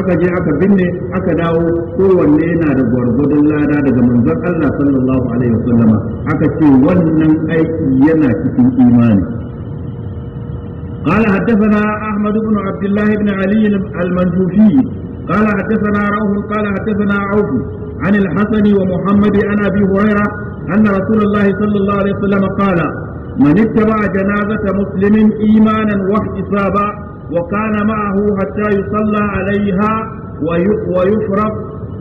aka je aka binne aka dawo kowanne yana da gwargwadon lada daga manzon Allah sallallahu alaihi wasallama aka ce wannan aiki yana cikin imani قال حدثنا أحمد بن عبد الله بن علي المنجوفي قال حدثنا روح قال حدثنا عوف عن الحسن ومحمد عن أبي هريرة أن رسول الله صلى الله عليه وسلم قال من اتبع جنازة مسلم إيمانا واحتسابا وكان معه حتى يصلى عليها ويفرق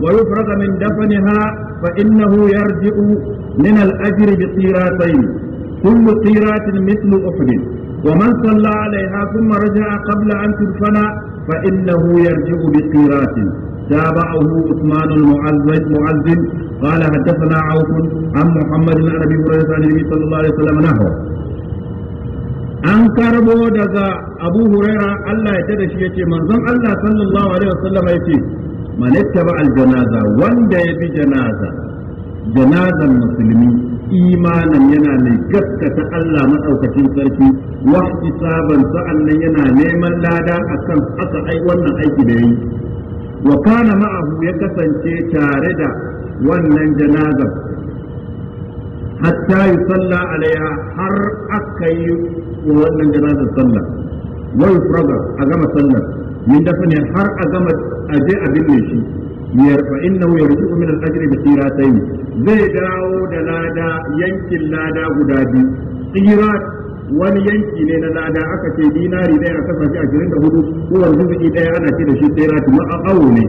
ويفرغ من دفنها فإنه يرجع من الأجر بقيراتين كل قيرات مثل أحد ومن صلى عليها ثم رجع قبل أن تدفن فإنه يرجع بقيرات تابعه عثمان المعزز قال حدثنا عوف عن محمد بن أبي هريرة عن النبي صلى الله عليه وسلم نحوه an karbo daga abu huraira Allah ya tada shi yace manzon Allah sallallahu alaihi wasallam yace man ittaba al janaza wanda ya bi janaza janazan musulmi imanan yana mai gaskata Allah maɗaukacin sarki wa hisaban sa'annan yana neman lada akan aka ai wannan aiki da yi wa kana ma'ahu ya kasance tare da wannan janaza hatta a alaiha har aka yi wannan janazar sallah wa yufraga a gama sallar min ne har a gama aje abin ne shi فإنه يرجع من zai dawo da lada yankin lada guda biyu سيرات wani yanki ne na lada aka ce dinari ɗaya a kasashe ashirin da hudu kowar zuzuki ɗaya ana ce da shi tsera kuma awo ne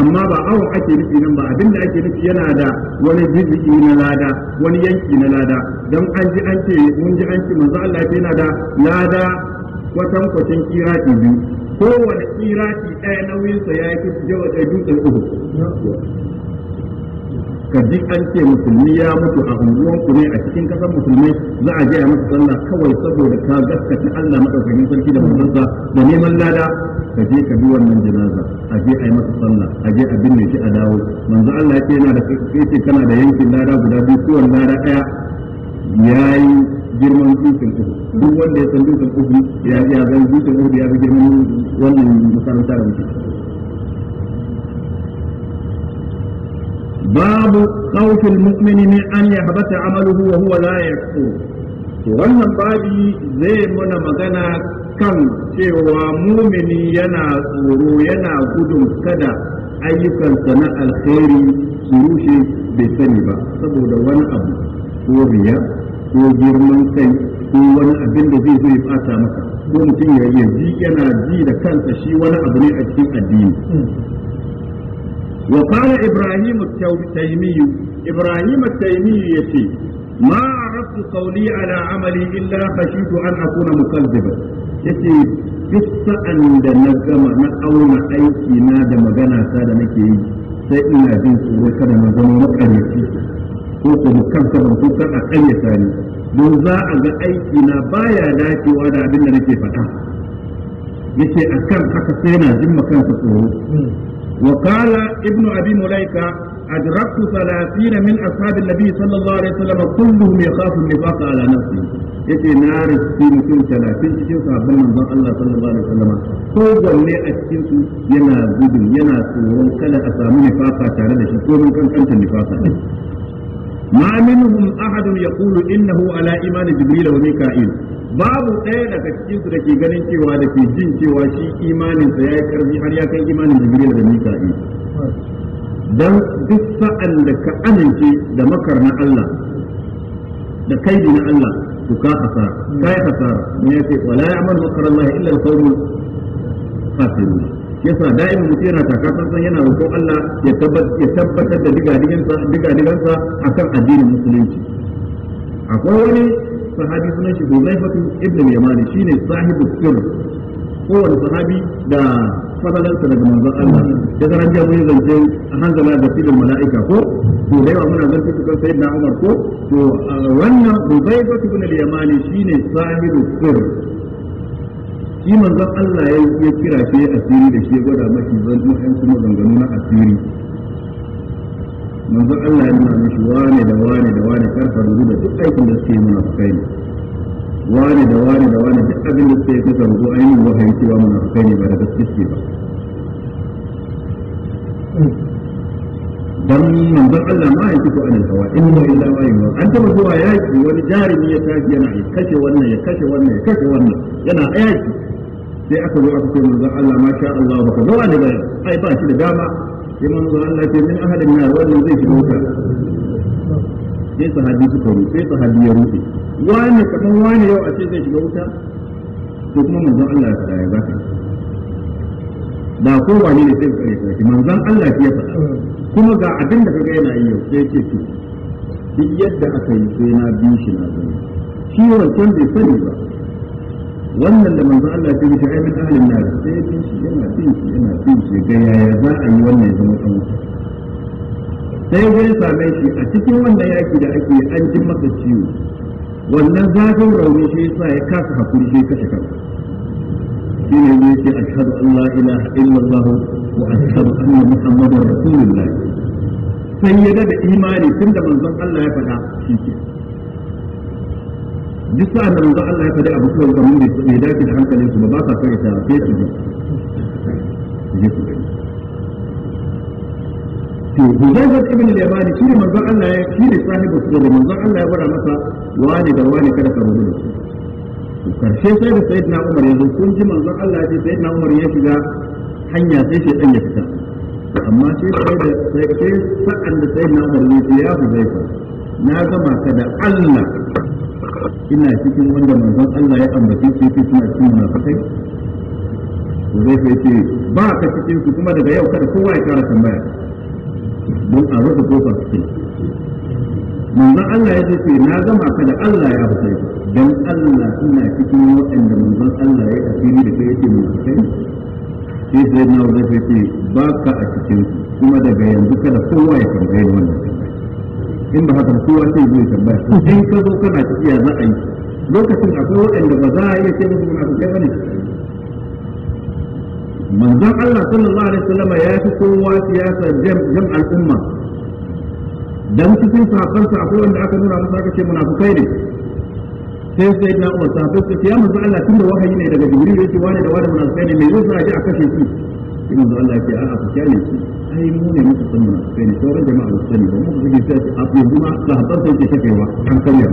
amma ba awon ake nufi nan ba abinda ake nufi yana da wani zuzuki na lada wani yanki na lada don an ji an ce mun ji an ce manzo Allah yana da lada kwatankwacin kiraki biyu kowane iraki ɗaya nauyinsa ya yi fi yawa ɗaya dutsen uku ka ji an ce musulmi ya mutu a unguwan ku ne a cikin kasar musulmai za a gaya a sallah kawai saboda ka gaskata Allah madaukakin sarki da manzansa da neman lada ka je ka bi wannan jinaza a je a yi masa sallah a je a binne shi a dawo manzo Allah ya ce yana da kai kana da yankin lada guda biyu ko lada ɗaya yayi girman dukkan uhu duk wanda ya san dukkan uhu ya ya ga dukkan uhu ya ga girman wannan makaranta da mutu. babu khawfil mu'mini ne an yahbata amaluhu wa huwa la yakfur to wannan babi zai mana magana kan cewa mumini yana tsoro yana gudun kada ayyukansa na alkhairi su rushe bai sani ba saboda wani abu ko riya ko girman kai ko wani abin da zai zo ya fata maka ko mutum ya ji yana ji da kansa shi wani abu ne a cikin addini wa qala ibrahim at-taymi ibrahim at-taymi yace ma arabtu qawli ala amali illa khashitu an akuna mukazziban yace duk da na gama na auna aiki na da magana ta da nake yi sai ina jin tsoro kada na zama makaryaci ko ko mukan saban su kar a ƙaryata ni don za a ga aiki na baya dacewa da abin da nake faɗa yace akan haka sai na jin kansa tsoro wa qala ibnu abi mulaika adraktu 30 min ashabin nabi sallallahu alaihi wasallam kulluhum yakhafu nifaqa ala nafsi yace na riski mutum 30 cikin sahabban manzon Allah sallallahu alaihi wasallam ko wanne a cikin su yana gudun yana tsoron kada a samu nifaqa tare da shi ko mun kankanta nifaqa ma minhum ahadun yaqulu innahu ala iman jibril wa mika'il babu ɗaya daga cikinsu da ke ganin cewa da ke jin cewa shi imaninsa sa yayi karfi har ya kai imanin jibril da mika'il dan duk sa'an da ka amince da makar na Allah da kaidi na Allah to ka hasara kai hasara ne yace wala ya'mal makar Allah illa al-qawmul khasirun yasa daimin mutum yana taka san yana roƙon Allah ya tabbatar da digadigansa digadigansa akan addinin musulunci akwai wani sahabi sunan shi Huzaifatu ibn Yamani shine sahibu sir kowane sahabi da fadalansa daga manzon Allah da zaran jiya mun zance hanzala da filin mala'ika ko to da yawa muna zance tukar sayyidina Umar ko to wannan Huzaifatu ibn Yamani shine sahibu sir shi manzon Allah ya kira shi asiri da shi ya gwada maki zan ɗan kuma zanganu na asiri manzon Allah ya nuna mishi wane da wane da wane karfa da da duk aikin da suke muna fukai ne wane da wane da wane duk abin da suke kusa rubu ainihin wahayin cewa muna fukai ne ba da gaske suke ba dan manzon Allah ma yake ko anil hawa in ba illa ma yawa an taba zuwa yaki wani jarumi ya tafi yana ya kashe wannan ya kashe wannan ya kashe wannan yana yaki sai aka zo aka ce manzon Allah ma sha Allah ba ka zauna daga ai ba shi da dama sai manzon Allah ce min ahadin nar wannan zai shiga wuta sai sahabi suka rufe sai sahabi ya rufe wani kaman wani yau a ce zai shiga wuta to kuma manzon Allah ya faɗa ya zaka ba ko wani ne sai kare kare manzon Allah ya faɗa kuma ga abin da kaga yana yi yau sai ce to duk yadda aka yi sai na bi shi na zama shi wancan bai sani ba wannan da manzon Allah ya ce ai min ahlin nar sai ya tinshi yana tinshi yana tinshi ga yaya za a yi wannan ya zama kan sai ya same shi a cikin wannan yaki da ake an ji masa ciwo wannan zafin rauni shi yasa ya kasa hakuri shi kashe kansa shi ne ya ce ashhadu an la ilaha illallah wa ashhadu anna muhammadar rasulullah sai ya da imani tunda manzon Allah ya faɗa shi ke duk sa'an da manzo Allah ya faɗi abu kawai kamar da su dace da hankalin su ba ba sa kare ta sai su ji su to Huzaifat ibn al-Yaman shi ne manzo Allah ya shi ne sahibi su da manzo Allah ya fara masa wani da wani kada ka rubuta su karshe sai da sayyidina Umar kun ji manzo Allah ya ce sayyidina Umar ya shiga hanya sai shi dan ya fita amma sai sai da sai sa'an da sayyidina Umar ya ce ya na da Allah ina cikin wanda manzon Allah ya ambace shi yake suna cikin munafikai zai sai ce ba ka cikin su kuma daga yau kada kowa ya kara tambaya don a rufe kofar su manzon Allah ya ce na gama ka da Allah ya husai dan Allah ina cikin waɗanda manzon Allah ya asiri da kai yake munafikai sai sai na zai ce ba ka a cikin kuma daga yanzu kada kowa ya tambaye wannan in ba haka kowa sai zai tambaya in ka zo kana tafiya za a yi lokacin akwai waɗanda ba za a iya ce musu munafikai bane manzon Allah sallallahu alaihi wasallam ya fi kowa siyasa jam al'umma dan cikin sahabbansa akwai wanda aka nuna masa aka ce munafikai ne sai sai na Umar sahabbai ya manzon Allah tunda wahayi ne daga Jibril yake wani da wani munafikai ne mai zai sa a ji a kashe shi sai manzo Allah ya ce a'a ku ai mu ne muka san mu kai ne sauran jama'a su sani ba mu suke sai a fi kuma sai an karya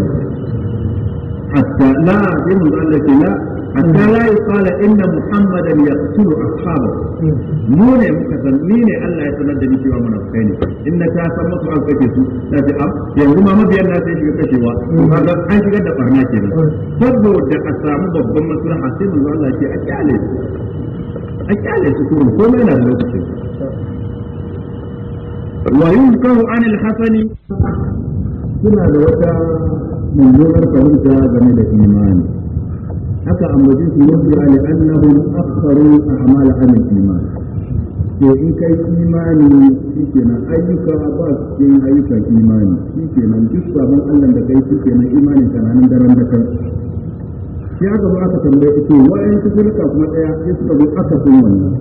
hatta la sai manzo Allah ya la حتى لا يقال ان محمدا يقتل اصحابه mu ne muka san ni ne Allah ya sanar da ni cewa munafikai ne in na ta san musu an su ta ce am yanzu ma mabiyan na sai shiga kashewa kaga an shigar da barna kenan saboda a samu babban maslaha sai manzo Allah ya a kyale a kyale su kuma komai da lokacin wa yuzkaru anil hasani suna da wata mummunar fahimta game da imani haka ambaci su yadda ali annahum imani to in kai imani shikenan ayyuka ba su cikin ayyukan imani shikenan duk sabon Allah da kai shikenan imanin kananan daren da kai Ya aka aka tambaye su wa'in su kuma daya sai suka zo aka sun wannan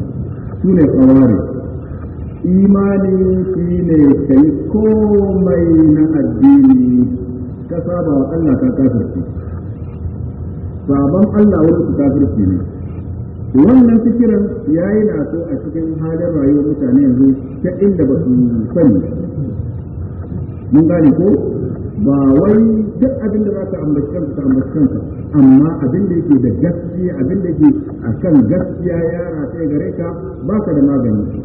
su ne kawari imani shi ne kai komai na addini ka saba wa Allah ka kafirci sabon Allah wani su kafirci ne wannan fikiran ya yi na so a cikin halin rayuwar mutane yanzu ta inda ba su sani mun gane ko ba wai duk abin da za ka ambaci kanka ka ambaci kanka amma abin da yake da gaskiya abin da yake kan gaskiya ya rataye gare ka ka da magani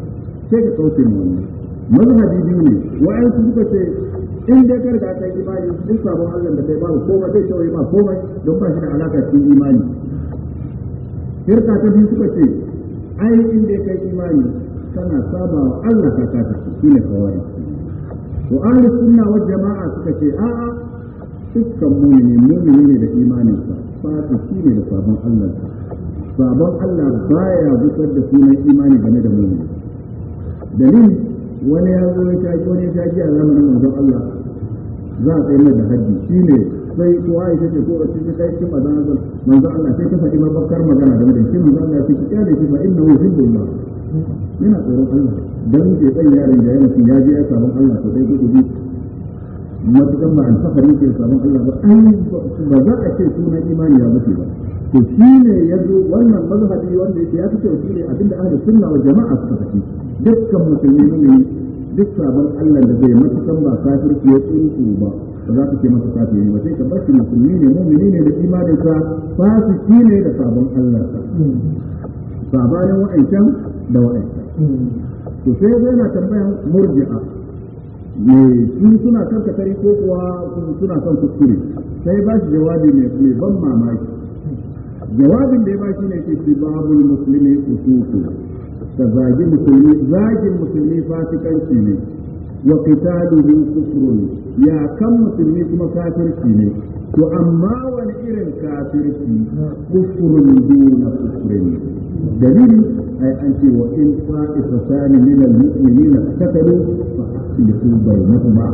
sai ka kauce mu wannan mazhabi biyu ne wa'ansu suka ce in dai kar da ka yi imani duk sabon Allah da kai babu komai zai tawaye ma komai don ba shi da alaka cikin imani firka ta biyu suka ce ai in dai kai imani kana saba wa Allah ka kata shi ne kawai wa ahli sunna wal jama'a suka ce a'a dukkan mu'mini mu'mini ne da imanin sa fasiki ne da sabon Allah sabon Allah baya gusar da sunan imani game da mu'mini dalil wani ya zo ya ji wani ya ji a zamanin manzon Allah za a tsaye da haji ne sai ko ya ce ko shi kai shi manzon manzon Allah sai ka faɗi babbakar magana da mutum shi manzon Allah ya ce ki kyale shi ba fa innahu hibbullah yana tsoron Allah don ke san yaron da yaron ya je ya samu Allah to dai gudu matukan ba safari ke samu Allah ba ai ba za a ce sunan imani ya mutu ba to shi ne ya zo wannan mazhabi wanda yake ya fi kyau shi ne abinda ahli sunna wa jama'a suka tafi dukkan musulmi ne duk sabon Allah da bai matukan ba kafir ke tsuru ba ba za ka ce masa ne ba sai ka bar shi musulmi ne mu'mini ne da imanin sa shi ne da sabon Allah sa sabanin wa'ancan da wa'ancan to sai zai na tambayan murji'a me su suna kan tare ko kuwa suna kan kuskure sai ba shi jawabi mai ban mamaki jawabin da ya ba shi ne ke ce babul musulmi usuku ta zagi musulmi zagin musulmi fasikanci ne wa qitaluhu kufrun ya kan musulmi kuma kafirci ne to amma wani irin kafirci kufrun duna kufrin dalili ai an ce wa in fa'ifatani min al-mu'minina takalu fa aslihu bainahuma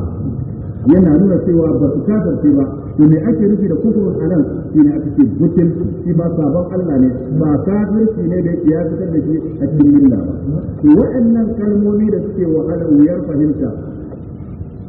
yana nuna cewa ba su kafirce ba to me ake nufi da kufrun halal shi ne aka ce bukin shi ba sabon Allah ne ba kafir shi ne da yake ya fitar da shi a cikin milla ba to waɗannan kalmomi da suke wahala wuyar fahimta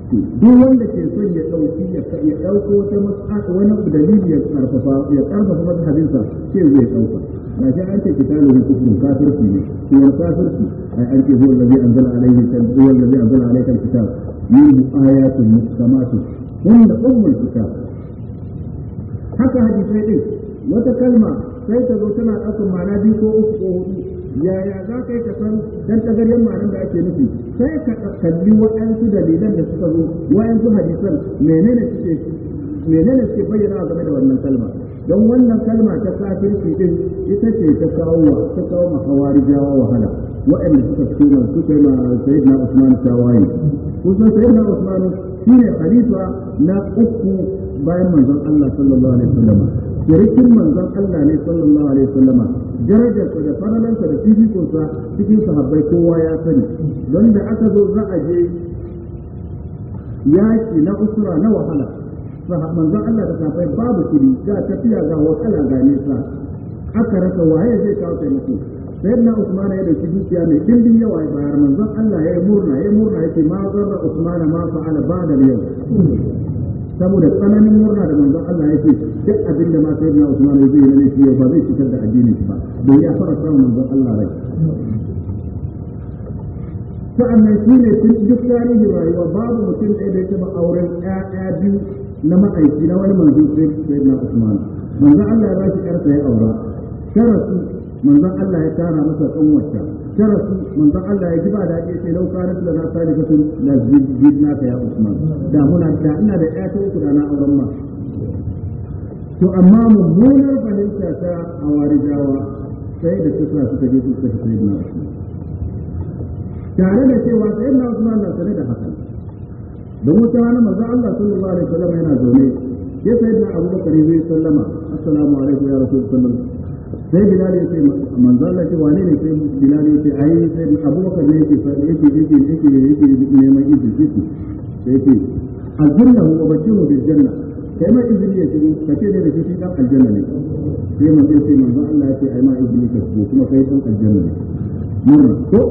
duk wanda ke son ya ɗauki ya ɗauko ta mas'ala wani dalili ya karfafa ya karfafa mazhabinsa sai zai ɗauka ba sai an ce kitabu ne kafir shi ne kafir shi ai an ce huwa allazi anzala alayhi huwa allazi anzala alayka alkitab minhu ayatun muhkamatun hunna ummul kitab haka hadisai din wata kalma sai ta zo tana ɗaukar ma'ana biyu ko uku ko hudu yaya za ka yi kasan dan tagaryen ma'anar da ake nufi sai ka kalli waɗansu dalilan da suka zo waɗansu hadisan menene suke menene suke bayyana game da wannan kalma don wannan kalma ta kafin shi din ita ce ta kawo wa ta kawo ma hawari jawa wahala waɗanda suka fito ma suka ma sayyidina Usman tawaye kusan sayyidina Usman shine khalifa na uku bayan manzon Allah sallallahu alaihi wasallama kirkin manzon Allah ne sallallahu alaihi wasallama darajarsa da ta da fifikonsa cikin sahabbai kowa ya sani don da aka zo za a je yaki na usura na wahala manzon Allah da sahabbai babu kiri ga tafiya ga wahala ga nesa aka rasa waye zai kawo taimako na usman ya dauki dukiya mai dimbin yawa ya bayar manzon Allah ya yi murna ya murna ya ce ma zarra usman ma fa'ala da yau saboda tsananin murna da manzon Allah yake duk abin da ma sai na Usman ya zai ne shi ba zai cikar da addinin shi ba don ya fara samun manzon Allah rai sa'annan shi ne duk tarihin rayuwa babu mutum ɗaya da ya ba auren ƴaƴa biyu na ma'aiki na wani manzo sai sai na Usman manzon Allah ya ba shi ƴarsa ya aura sharasu manzon Allah ya tara masa wata. ta rasu manzon Allah ya ji ba daɗi sai lau kana su lana salifatu la na ka ya Usman da muna da ina da ƴa ta da na auren ma to amma mummunar fahimta ta awarijawa sai da suka suka je suka kashe sayyidina Usman tare da cewa na Usman na sane da haka don wata wani manzon Allah sallallahu alaihi wasallam yana zaune sai sayyidina Bakar ya sallama assalamu alaikum ya rasulullahi sai bilal ya ce manzo Allah ce wane ne sai bilal ya ce ai sai abubakar ne yake yake yake yake yake neman izini sai yake aljanna wa bashiru bil janna sai ma izini ya shigo ka ce ne da shi dan aljanna ne sai manzo sai manzo Allah ya ce ai ma izini ka shigo kuma kai dan aljanna ne murna to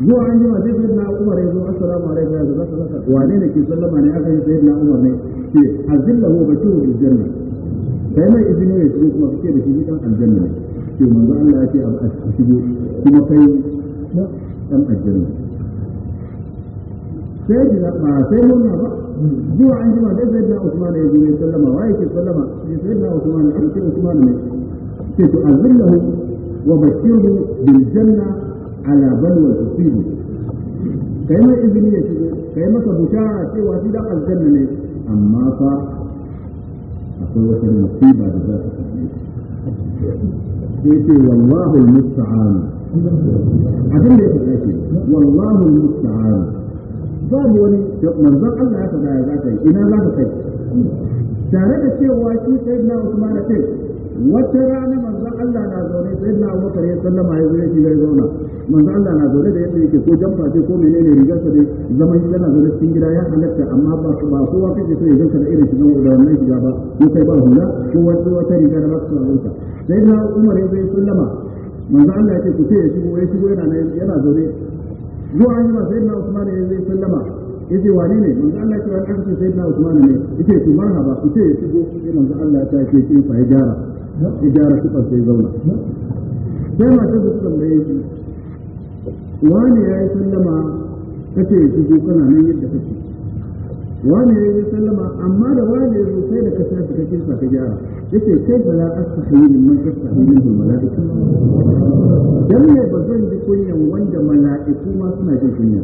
zuwa an jima sai sayyidina Umar ya zo assalamu alaikum wa rahmatullahi wa barakatuh wane ne ke sallama ne aka yi sayyidina Umar ne ce azillahu bashiru bil janna kai mai izini ya shigo kuma suke da shi dan aljanna ke manzo Allah ya ce a shigo kuma kai na dan aljanna sai jira ba sai mun ba zuwa an jima dai sai da Usman ya zo ya sallama wa yake sallama sai sai da Usman ya ce Usman ne sai to azillahu wa bashiru bil janna ala balwa tusibu kai mai izini ya shigo kai masa bushara cewa shi dan aljanna ne amma fa akwai wata musiba da za ta kaje sai ce wallahu musta'an abin da ya faɗa ke wallahu musta'an babu wani manzon Allah ya faɗa ya za ka yi ina za ka kai tare da cewa shi sai na Usman da kai wata rana manzon Allah na zaune sai na Abubakar ya sallama ya zo ya shiga ya zauna manzo Allah na zaune da yadda yake ko jamfa ce ko menene rigarsa dai zaman yana zaune cikin gida ya halatta amma ba ba kowa kake so sai ganka da irin shigan da wannan shiga ba ko kai ba hula ko wata wata riga da ba su sa sai na Umar ya zai sallama manzo Allah ya ce ku sai ya shigo ya shigo yana yana zaune zuwa an ma sai na Usman ya zai sallama yace wane ne manzo Allah ya ce an kasance sai na Usman ne yace ku marhaba ku sai ya shigo sai manzo Allah ya ce ki fa ya gyara ya gyara kuka sai zauna sai matar da suka mai wani ya yi sallama ka ce ko kana nan yadda kake wani ya yi sallama amma da wani ya zo sai da ka tashi ka kinsa ka gyara yace kai bala astahi min man yi min yin malaika dan ne ba zan ji kunyan wanda mala'iku ma suna jin kunya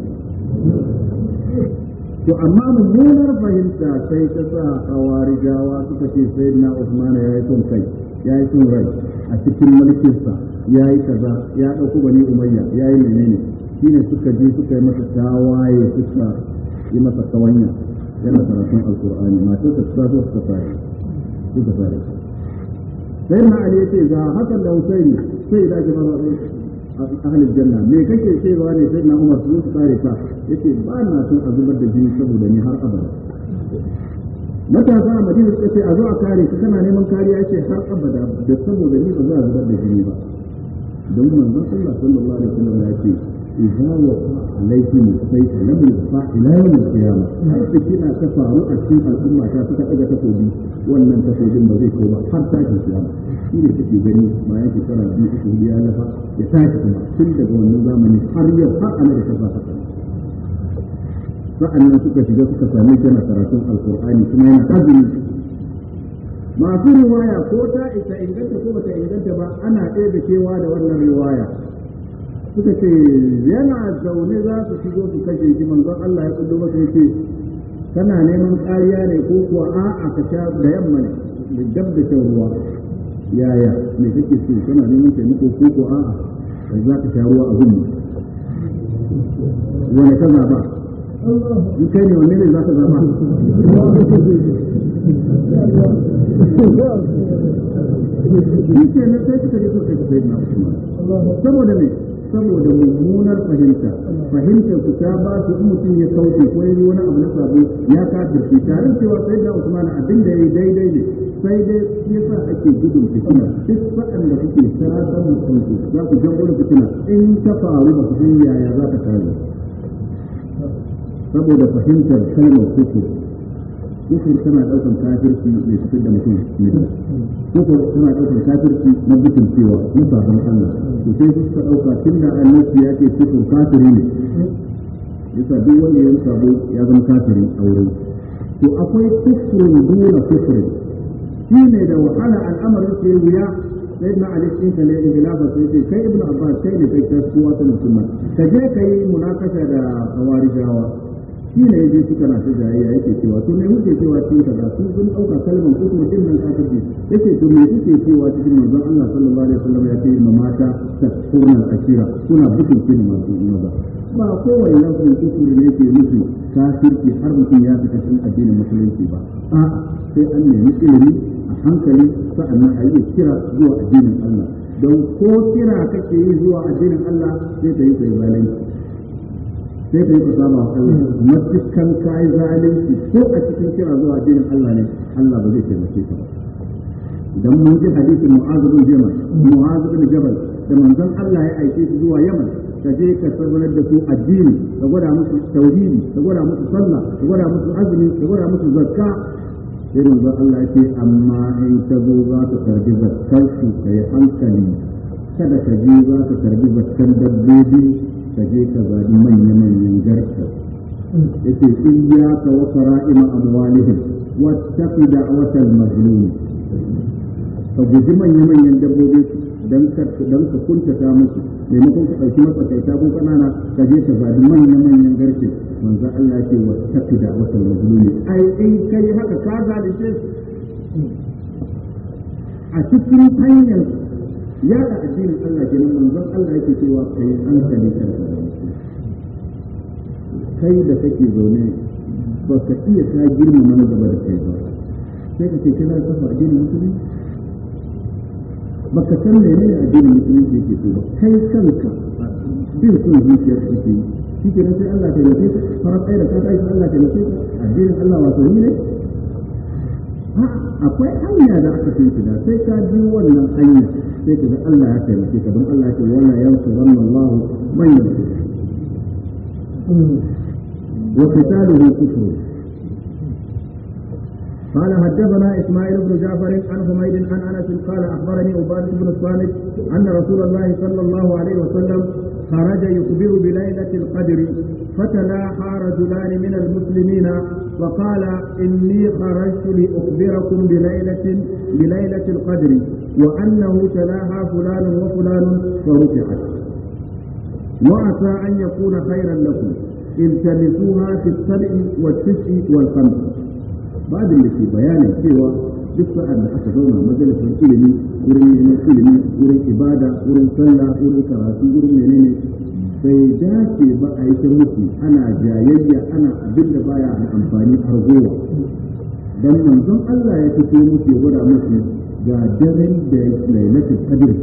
to amma mummunar fahimta sai ta sa hawarijawa suka ce sai na usmana ya yi son kai ya yi sun rai a cikin mulkinsa ya yi kaza ya ɗauko bani umayya ya yi menene ne suka ji suka yi masa tawaye suka yi masa kawanya yana karatun alkur'ani masu ta ta suka fara suka fara. sai na ali yace za hakan da husaini sai da ke fara ahalin janna me kake cewa ne sai na umar su su fare yace ba na son a zubar da jini saboda ni har abada matasa a madina suka ce a zo a kare ka kana neman kariya ce har abada da saboda ni ba za a zubar da jini ba don manzon Allah sallallahu alaihi wasallam ya ce idza waqa alaykum sayf lam yusfa ila yawm al-qiyamah har da kina ta faru a cikin al'umma ta suka daga takobi wannan takobin ba zai kai ba har ta ke kiyama shi ne kake gani bayan shekara biyu uku biya lafa ya tashi kuma tun daga wannan zamani har yau har ana da kafa ta waɗannan suka shiga suka sami shi na karatun alkur'ani kuma yana azumi masu riwaya ko ta isa inganta ko bata inganta ba ana ɗebe kewa da wannan riwaya suka ce yana zaune za su shigo su kashe shi manzon Allah ya kullu masa yake kana neman kariya ne ko kuwa a'a ka sha da yamma ne da dab da shan ruwa yaya me kake so kana neman taimako ko kuwa a'a za ka sha ruwa a gunmu wani kaza ba in kai ne wanne ne za ka zama shi ke ne sai suka je suka kai sayyidina Usman saboda ne saboda mummunar fahimta fahimtar su ta ba su mutum ya kauce ko ya wani abu na sabo ya kafirce tare cewa sayyidina Usman abin da yi daidai ne sai dai yasa ake gudun fitina duk sa'an da kuke ta san mutum za ku jango da fitina in ta faru ba su san yaya za ta kare saboda fahimtar kalmar kufur kufur tana ɗaukar kafirci mai fitar da mutum ne kufur tana ɗaukar kafirci na bikin cewa na sabon Allah to sai su tun da tunda annabi ya ce kufur kafiri ne yasa duk wanda ya sabo ya zama kafiri a wurin to akwai kufurun duna kufurin shi ne da wahala al'amarin sai wuya sai na alikin ka ne in bilafa sai ce kai Ibn abbas kai ne kai ta suwa ta musulman ka je ka yi munakasa da kawarijawa shi ne ya suka na ta jayayya yake cewa to ne kuke cewa cikin kaza su sun ɗauka kalmar kufur din nan kafirci yake to me kuke cewa cikin manzon Allah sallallahu alaihi wasallam ya ce ma mata tasfurna akira suna bukin cikin masu maza ba kowai lafin kufur ne ke musu kafirci har mutum ya fita cikin addinin musulunci ba a'a sai an nemi ilimi a hankali sa'annan a yi kira zuwa addinin Allah don ko kira kake yi zuwa addinin Allah sai ka yi kai sai ka yi kusama matukan ka yi zalunci ko a cikin kira zuwa addinin Allah ne Allah ba zai taimake ka ba idan mun ji hadisin Mu'az bin Jabal Mu'az bin Jabal da manzon Allah ya aike su zuwa Yaman ka je ka sanar da su addini ka gwada musu tauhidi ka gwada musu sallah ka gwada musu azumi ka gwada musu zakka sai manzon Allah ya ce amma in ka zo za ka karbi zakkar su ka hankali kada ka je za ka karbi zakkar dabbobi ka je ka zaɓi manya-manyan garka yake iyyaka wa fara'ima amwalihim wattaqi da'watal mazlum ka guji manya-manyan dabbobi dan ka dan ka kuntata musu maimakon ka ɗauki matsakaita ko ƙanana ka je ka zaɓi manya-manyan garke manzo Allah ke da da'watal mazlum ai in kai haka ka ce a cikin hanyar ya da addinin Allah kenan manzon Allah yake cewa kai hankali kanka kai da kake zaune ba ka iya ka girma mana gaba da kai ba sai ka ce kana kafa addinin musulunci ba ka san mene ne addinin musulunci ke so ba kai kanka bin son zuciyar kake yi shi kenan sai Allah ta yi nasiha farar ɗaya da ka ta yi Allah ta yi nasiha addinin Allah wato ne akwai hanya da aka fi da sai ka ji wannan hanya sai ka ga Allah ya taimake ka don Allah ke wala yansu wannan Allah man yansu wa qitaluhu kufrun قال حدثنا اسماعيل بن جعفر عن حميد عن انس قال اخبرني عباد بن الصامت ان رسول الله صلى الله عليه وسلم خرج يخبر بليله القدر فتلاحى رجلان من المسلمين وقال إني خرجت لأخبركم بليلة بليلة القدر وأنه تلاها فلان وفلان فرفعت وعسى أن يكون خيرا لكم التمسوها في السبع والتسع والخمس بعد اللي في بيان سوى duk أن da مجلس zauna majalisar ilimi wurin neman ilimi wurin ibada wurin sallah bai dace ba a yi ta mutu ana jayayya ana abin da baya da amfani har ragowa dan manzon Allah ya fito muke gwada musu ga daren da lailatul qadr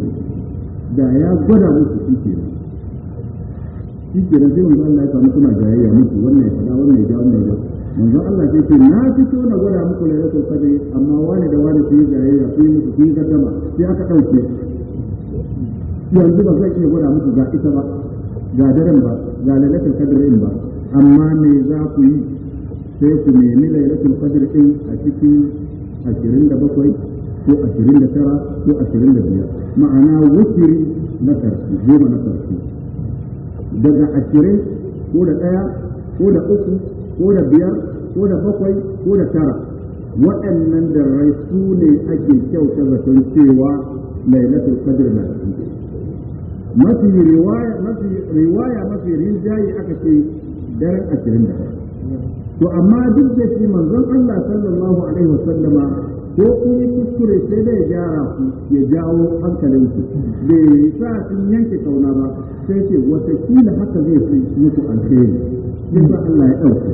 da ya gwada musu shi shi ke da zai manzon Allah ya samu suna jayayya mutu wannan ya fada wannan ya ja wannan ya ja manzon Allah ya ce na fito na gwada muku lailatul qadr amma wani da wani su yi jayayya su yi musu su yi gaddama sai aka ɗauke yanzu ba zai iya gwada muku ga ita ba ga daren ba ga lalatul qadr din ba amma me za ku yi sai ku nemi lalatul qadr din a cikin 27 ko 29 ko 25 ma'ana wukiri na karfi goma na karfi daga 20 ko da ɗaya ko da uku ko da biyar ko da bakwai ko da tara waɗannan da rai su ne ake kyauta zaton cewa lailatul qadr na cikin mafi riwaya mafi riwaya mafi rinjaye aka ce daren ashirin da to amma duk da shi manzon Allah sallallahu alaihi sallama ko kun yi kuskure sai zai gyara ku ya jawo hankalin ku bai sa sun yanke kauna ba sai ce watakila haka zai fi muku alheri ba Allah ya ɗauke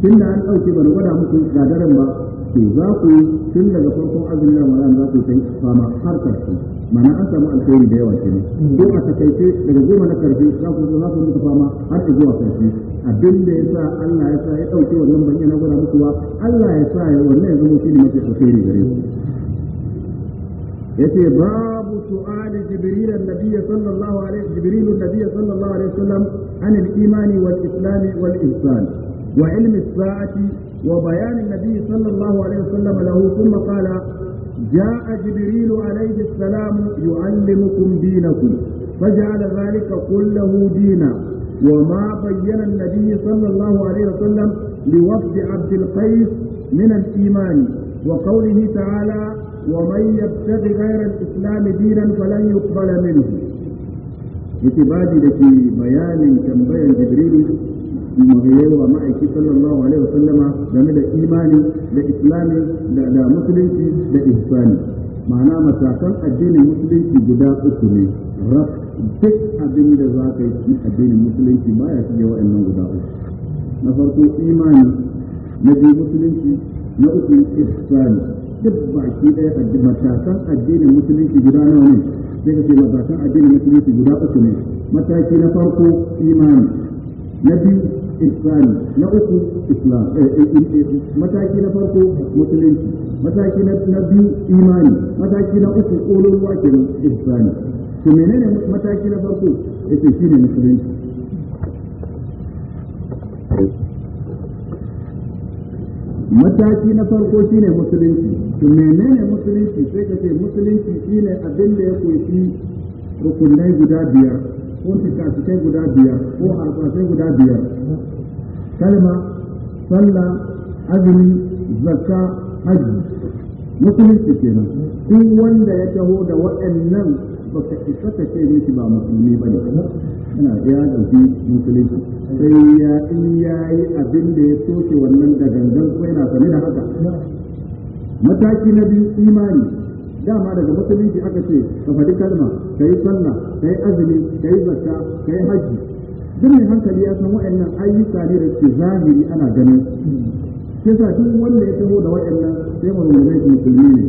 tunda an ɗauke ba gwada muku ga ba to za ku tun daga farkon azumin ramadan za ku kai fama har karshe mana an samu alkhairi da yawa kenan ko a takaice daga goma na karshe za ku za ku rika fama har da zuwa karshe abin da sa Allah ya sa ya dauke wannan bayyana na gwada muku Allah ya sa ya wannan ya zama shine mafi alkhairi gare ku yace babu su'ali jibril annabi sallallahu alaihi jibril annabi sallallahu alaihi wasallam an al-imani wal islam wal ihsan wa ilmi as-sa'ati وبيان النبي صلى الله عليه وسلم له ثم قال جاء جبريل عليه السلام يعلمكم دينكم فجعل ذلك كله دينا وما بين النبي صلى الله عليه وسلم لوفد عبد القيس من الإيمان وقوله تعالى ومن يبتغي غير الإسلام دينا فلن يقبل منه اتبادي في بيان بين جبريل muhimmai wa ma'aiki sallallahu alaihi wasallama game da imani da islami da musulunci da ihsani ma'ana matakan addinin musulunci guda uku ne raf duk abin da za ka yi addinin musulunci ba baya shige wa'annan guda uku na farko imani na biyu musulunci na uku ihsani duk baki ɗaya matakan addinin musulunci guda nawa ne sai ka ce matakan addinin musulunci guda uku ne mataki na farko imani na biyu islam na uku islam eh, eh, eh, mataki na farko musulunci mataki na biyu imani mataki na uku ƙololuwa kenan islam to menene mataki na farko yace shine musulunci mataki na farko shine musulunci to menene musulunci sai ka ce musulunci shine abin da ya kunshi rukunai guda biyar ko fikafikai guda biyar ko harsasai guda biyar kalma sallah azumi zakka hajji musulunci kenan tun wanda ya taho da waɗannan ka isa ka ce ne ba musulmi ne. yana ya ɗauki musulunci sai ya in yayi abin da ya soke wannan da gangan ko yana sami da haka mataki na biyu imani dama daga musulunci aka ce ka faɗi kalma ka yi sallah ka yi azumi ka yi zakka ka yi hajji duk mai hankali ya san wa'annan ayyuka ne da ke zahiri ana ganin sai sa duk wanda ya taho da wa'annan sai zai musulmi ne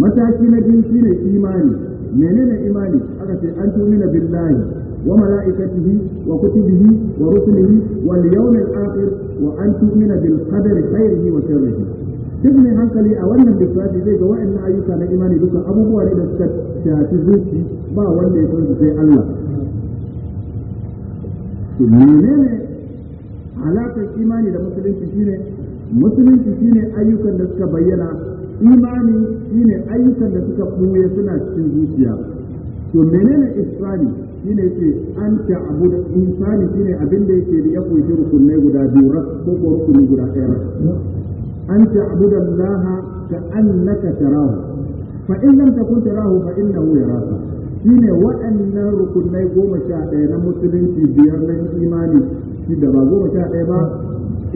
mataki na biyu shine imani menene imani aka ce an tumina billahi وملائكته وكتبه wa واليوم الآخر bin تؤمن بالقدر wa وشره duk mai hankali a wannan lissafi zai ga wa'annan ayyuka na imani duka abubuwa ne da suka shafi zuci ba wanda ya san sai Allah menene alaƙar imani da musulunci shine musulunci shine ayyukan da suka bayyana imani shine ayyukan da suka buye suna cikin zuciya to menene isfani shine ce an da insani shine abin da yake da ya kunshi rukunai guda biyu ko ko rukuni guda ɗaya أن تعبد الله كأنك تراه فإن لم تكن تراه فإنه يراك shine waɗannan rukunai goma sha ɗaya na musulunci biyar na imani shi da ba goma sha ɗaya ba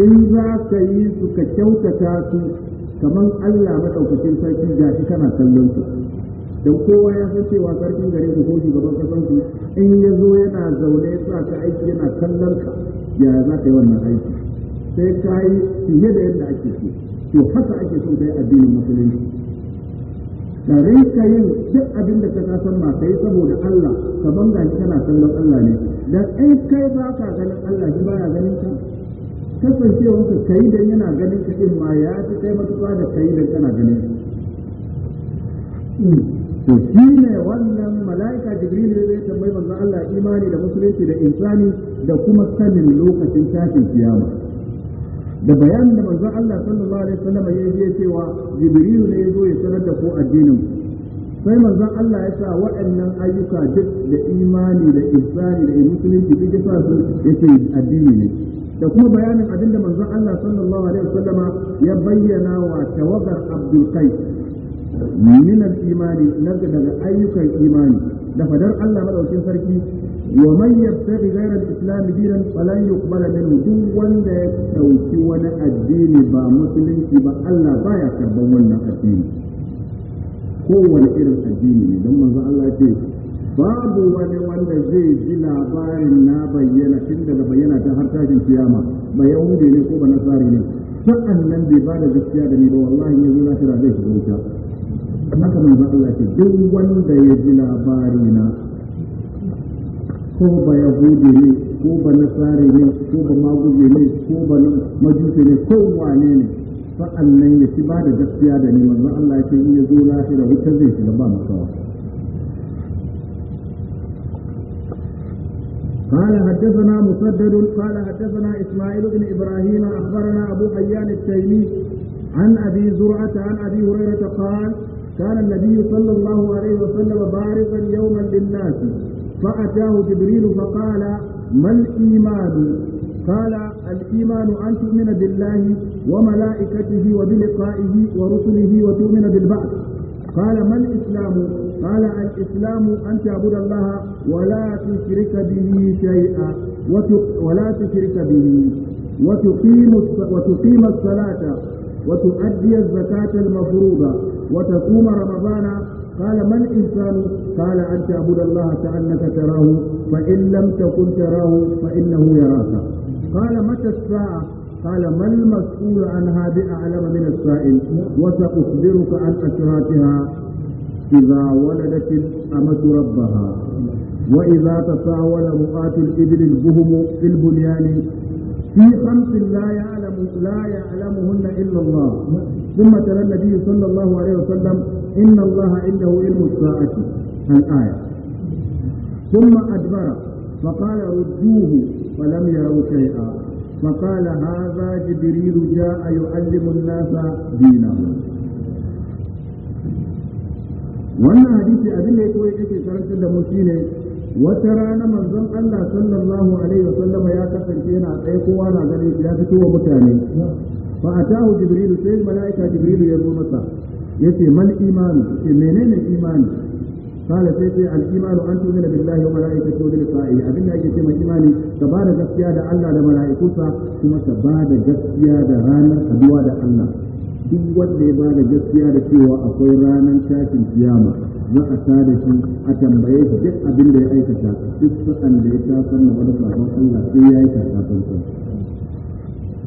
in za ka yi su ka kyautata su kamar Allah maɗaukakin sarki ga shi kana kallon su don kowa ya san cewa sarkin gare su ko shugaban kasan su in ya zo yana zaune sa ka aiki yana kallon ka ya za ka yi wannan aiki sai ta yi fiye da yadda ake so to haka ake son kai addinin musulunci ka rinka yin duk abin da ka san ba kai saboda Allah ka banga shi kana kallon Allah ne dan ai kai ba ka ganin Allah shi baya ganin ka kasancewar ka kai dan yana ganin ka din ma ya fi kai matuƙa da kai dan kana ganin to shi ne wannan mala'ika jibril zai tambayi manzo Allah imani da musulunci da insani da kuma sanin lokacin tashin kiyama da bayanin da manzon Allah sallallahu alaihi wasallam ya je cewa Jibrilu ne ya zo ya sanar da ku addinin sai manzon Allah ya sa waɗannan ayyuka duk da imani da ihsani da musulunci duk ya sa su yace addini ne da kuma bayanin abin da manzon Allah sallallahu alaihi wasallama ya bayyana wa tawagar Abdul Qais min al-imani daga ayyukan imani da fadar Allah madaukin sarki wa man yabtaghi ghayra al-islam dinan falan yuqbala minhu duk wanda ya dauki wani addini ba musulunci ba Allah baya karban wannan addini kowane irin addini ne don manzo Allah ce babu wani wanda zai ji labarin na bayyana tun daga bayyana ta har tashin kiyama ba yahude ne ko ba nasari ne sa'an nan bai bada da da ni ba wallahi ne zai lafiya zai shiga wuta haka manzo Allah ce duk wanda ya ji labari na ko ba yahudi ne ko ba tsare ne ko ba maguje ne ko ba majusi ne ko wane ne sa'an nan ya ci ba da gaskiya da ni manzo Allah ya ce in ya zo lahira wuta zai shiga ba makawa قال حدثنا مسدد قال حدثنا اسماعيل بن ابراهيم اخبرنا ابو حيان التيمي عن ابي زرعه عن ابي هريره قال كان النبي صلى الله عليه وسلم بارزا يوما للناس فأتاه جبريل فقال ما الإيمان قال الإيمان أن تؤمن بالله وملائكته وبلقائه ورسله وتؤمن بالبعث قال ما الإسلام قال الإسلام أن تعبد الله ولا تشرك به شيئا ولا تشرك به وتقيم وتقيم الصلاة وتؤدي الزكاة المفروضة وتصوم رمضان قال ما الإنسان قال أن تعبد الله كأنك تراه فإن لم تكن تراه فإنه يراك قال متى الساعة قال ما المسؤول عنها بأعلم من السائل وسأخبرك عن أشراكها إذا ولدت الأمة ربها وإذا تساول رؤاة الإبل البهم في البنيان في خمس لا يعلم لا يعلمهن إلا الله ثم ترى النبي صلى الله عليه وسلم إن الله عنده علم الساعة الآية ثم أدبر فقال ردوه فلم يروا شيئا فقال هذا جبريل جاء يعلم الناس دينهم wannan hadisi abin da ya koyi yake karantar da mu shine wata rana manzon Allah sallallahu alaihi wa sallama ya kasance yana tsaye kowa na ganin ya fito wa mutane fa atahu jibril sai malaika jibrilu ya zo masa yace mal imanu ce menene imani قال سيدي الايمان ان تؤمن بالله وملائكته ولقائه ابن اجي كما ايماني تبارك غسيا ده الله ده ملائكته كما تبارك غسيا da ranar haduwa da Allah duk wanda ya bada gaskiya da cewa akwai ranar tashin kiyama za a tada shi a tambaye shi duk abin da ya aikata duk sa'an da ya tasar na wani sabon Allah sai ya yi tasar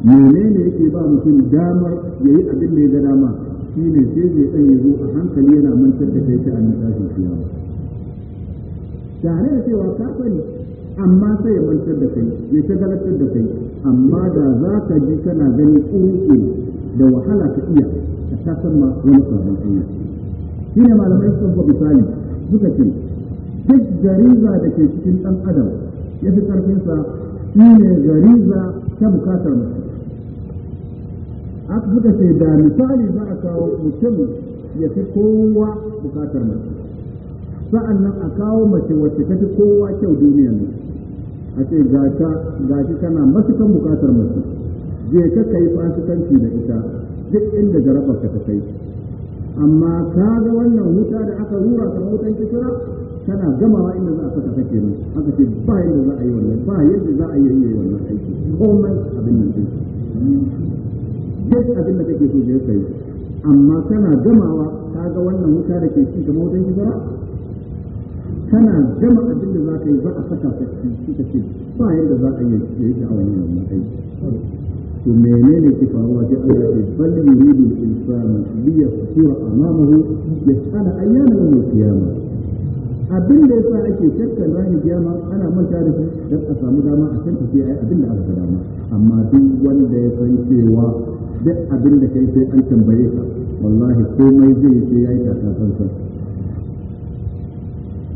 menene yake ba mutum damar ya yi abin da ya ga dama shi ne sai zai ɗan yi zo a hankali yana mantar da kai ta annan tashin kiyama tare da cewa ka sani amma sai ya mantar da kai ya galatar da kai amma da za ka ji kana gani ƙuƙe da wahala ka iya a kasan ma wani sabon hanya shi ne malamai sun ba misali suka ce duk gariza da ke cikin ɗan adam ya fi ƙarfinsa shi ne gariza ta bukatar mutum aka haka ce da misali za a kawo mutum ya fi kowa bukatar mace sa'an nan a kawo mace wacce ta fi kowa kyau duniyar nan a ce ga ta ga shi kana matukan bukatar mace je ka kai fasikanci da ita duk inda jarabar ka ta kai amma ka ga wannan wuta da aka rura ka wutan kisira kana gamawa inda za a saka kake ne aka ce ba yadda za a yi wannan ba yadda za a yi wannan aiki komai abin nan duk abin da kake so ya kai amma kana gamawa ka ga wannan wuta da ke ci kamar wutan kana gama abin da za ka yi za a saka ka ci ka ce ba yadda za a yi ya yi a yin wannan aiki to menene ke faruwa sai Allah ya bal yuridu al-insanu li ya amamahu ayyana yawm al-qiyamah abin da ya yasa ake shakkar rani kiyama ana manta da shi dan a samu dama a san tafiya a abin da aka gada amma duk wanda ya san cewa duk abin da kai sai an tambaye ka wallahi komai zai yi yayi ka san san san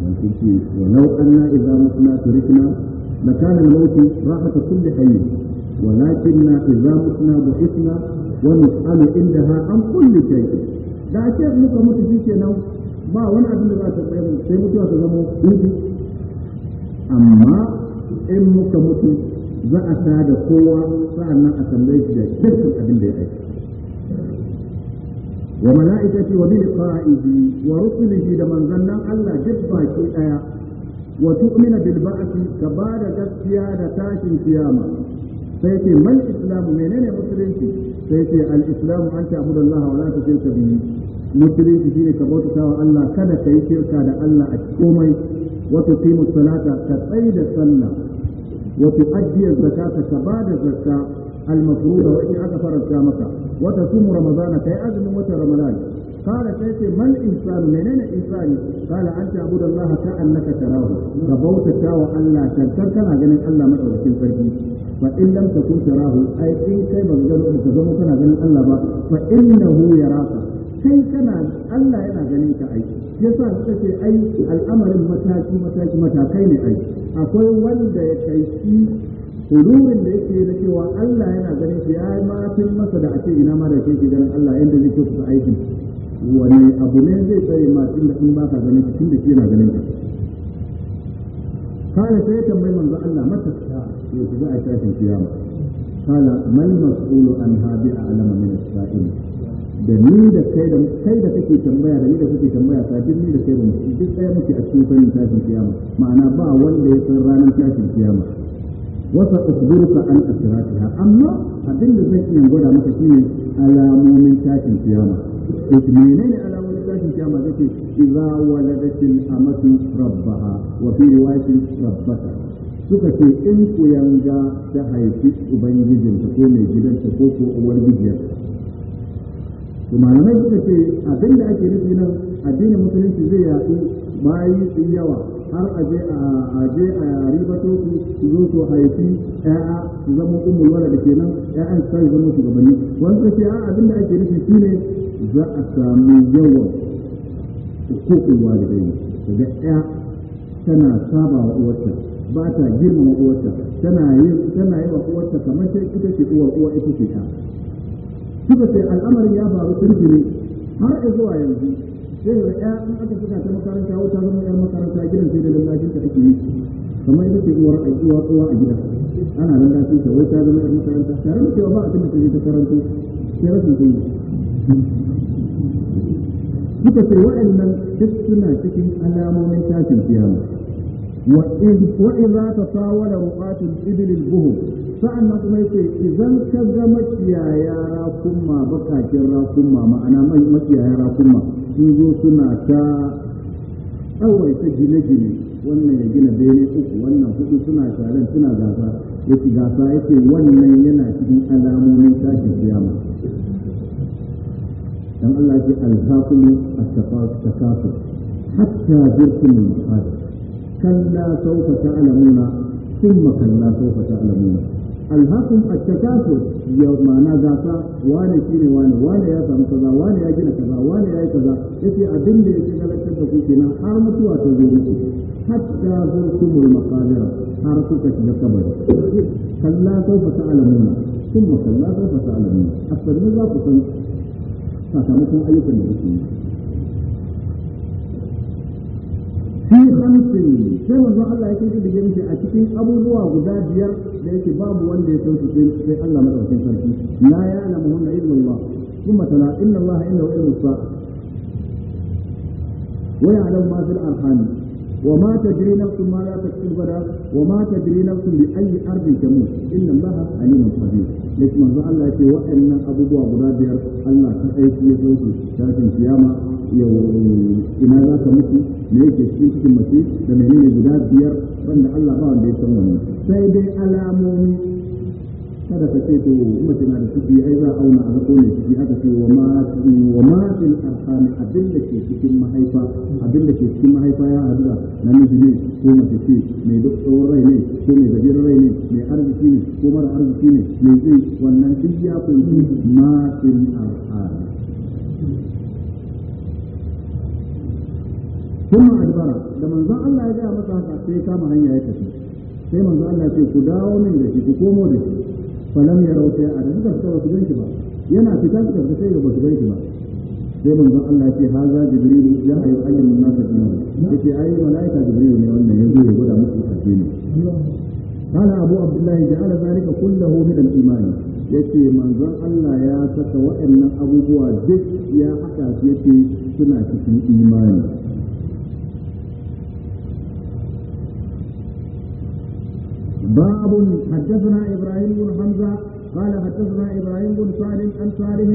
dan kici wa law anna idza mutna turikna makana al-mawt rahata kulli hayy walakinna idza mutna buhitna wa nus'alu indaha an kulli shay'in da ake muka mutu shi kenan ba wani abin da za ta tsaye mai sai mutuwa ta zama hudu amma in muka mutu za a ta da kowa nan a tambaye shi da dukkan abin da ya aiki wa mala'ikati wa bi liqa'ihi wa rusulihi da manzannan Allah duk baki daya wa tu'mina bil ba'thi ka ba da gaskiya da tashin kiyama sai ce mal islamu menene musulunci sai ce al islamu an ta'budu Allah wa la tushrika bihi musulunci shine ka bauta wa Allah kada ka yi shirka da Allah a komai wato fi musalata ka da sallah wato ajiya zakka ka ka ba da zakka almafruda da in aka faranta maka wato sumu ramadana kai azumin watan ramadan kala kai ce man insan menene insani kala an ta abu da Allah ka annaka tarahu ka bauta wa Allah kan kana ganin Allah madaukakin sarki fa in lam takun tarahu ai kai ban ganin ka zama kana ganin Allah ba fa ya yaraka kai kana Allah yana ganin ka aiki yasa suka ce ai al'amarin mataki mataki matakai ne aiki akwai wanda ya kai shi hururin da yake da cewa Allah yana ganin shi ya matin masa da ake ina ma da ke ke ganin Allah inda zai kusa aiki wani abu ne zai tsaye ma inda in ba ka ganin shi da ke yana ganin ka kana sai tambayi manzo Allah mata ya ku za a cikin kiyama kana mal mas'ulu an habi a'lama min as da ni da kai da kai da kake tambaya da ni da kake tambaya ta duk ni da kai mu duk muke a cikin sanin tashin kiyama ma'ana ba wanda ya san ranar tashin kiyama wasa usbiruka an asratiha amma abin da zai iya gwada maka shine alamomin tashin kiyama to eh, menene alamomin tashin kiyama zai idza waladatil amatu rabbaha wa fi riwayatin rabbata suka ce in ku yanga ta haifi ubangijinta ko mai gidanta ko ko uwar gidiyarta to malamai suka ce abin da ake nufi nan addinin musulunci zai yaɗu bayi su yawa har a je a je a ribato su su zo su haifi ƴaƴa su zama wala da kenan ƴaƴan su sai zama shugabanni wanda ce a abin da ake nufi shine za a samu yawan hukukul walidaini daga ɗaya tana saba wa uwarta ba ta girmama uwarta tana yi tana yi wa uwarta kamar ita ce uwar uwa ita ce ta suka ce al'amarin ya faru ne har zuwa yanzu sai da ya in aka suka ta makaranta wata zama yar makaranta gidan sai da lallashin ta ake yi kamar ita ce uwar uwa uwa a gida ana lallashin ta wai ta zama yar makaranta tare da cewa ba a tunda ta karanto sai rashin kunya suka ce nan duk suna cikin alamomin tashin kiyama wa'in za ta sawa da rukatun ibilin buhu. na kuma yace idan ka ga makiyaya rakunma bakakin rakunma ma'ana makiyaya rakunma sun zo suna ta ta gine-gine wannan ya gina bene uku wannan hudu suna taron suna gasa ci gasa ce wannan yana cikin alamomin tashin kiyama dan Allah ce alhaqu at-takasur hatta zirtum al-maqad kalla sawfa ta'lamuna thumma kalla ta alamuna. alhakum at-takasur ya ma'ana gasa wane shine wane wane ya samu kaza wane ya gina kaza wane ya yi kaza yace abin da ya yake galatar da kuke na har mutuwa ta zo muku hatta zurtumul maqabir har kuka shiga kabari kalla alamuna ta'lamuna thumma kalla sawfa ta'lamuna asali za ku san sakamakon ayyukan da kuke yi fi khamsin sai wanzu Allah yake da shi a cikin abubuwa guda biyar da yake babu wanda ya san sai Allah madaukakin sarki la ya'lamu hunna illa Allah kuma tala inna Allah innahu ilmu sa'a wa ya'lamu ma fil arham وما تدري نفس ما لا تكسب غدا وما تدري نفس بأي أرض تموت إن الله عليم خبير لكن من الله يقول وإن أبو غدا الله كأي شيء يقول لكن قيامة ina za ka mutu me yake cikin cikin mace da menene guda biyar wanda Allah ba wanda ya san wannan sai dai alamomi kada ka ce to mace na da ciki ai za a auna a hako ne ciki aka ce wa ma wa ma fil arham abin da ke cikin mahaifa abin da ke cikin mahaifa ya haɗu da namiji ne ko mace ce mai duk tsawon rai ne ko mai gajeren rai ne mai arziki ne ko mara arziki ne mai zai wannan duk ya kunshi ma fil arham ثم أدبر Allah ya gaya يجعل مثلا sai kama hanya ya tafi sai manzo Allah ya ce ku dawo min da shi ku komo da shi falam ya rauta ya adam suka fita wasu ganki ba yana fita suka fita sai ga wasu ganki ba sai manzon Allah ce haza jibrilu ya ayu alimun nasa dinar yace ai malaika jibrilu ne wannan yanzu ya gwada musu addini قال أبو عبد الله جعل ذلك كله من الإيمان yace manzon Allah ya saka waɗannan abubuwa duk ya haɗa su suna cikin imani باب حدثنا ابراهيم بن حمزه قال حدثنا ابراهيم بن سالم عن صالح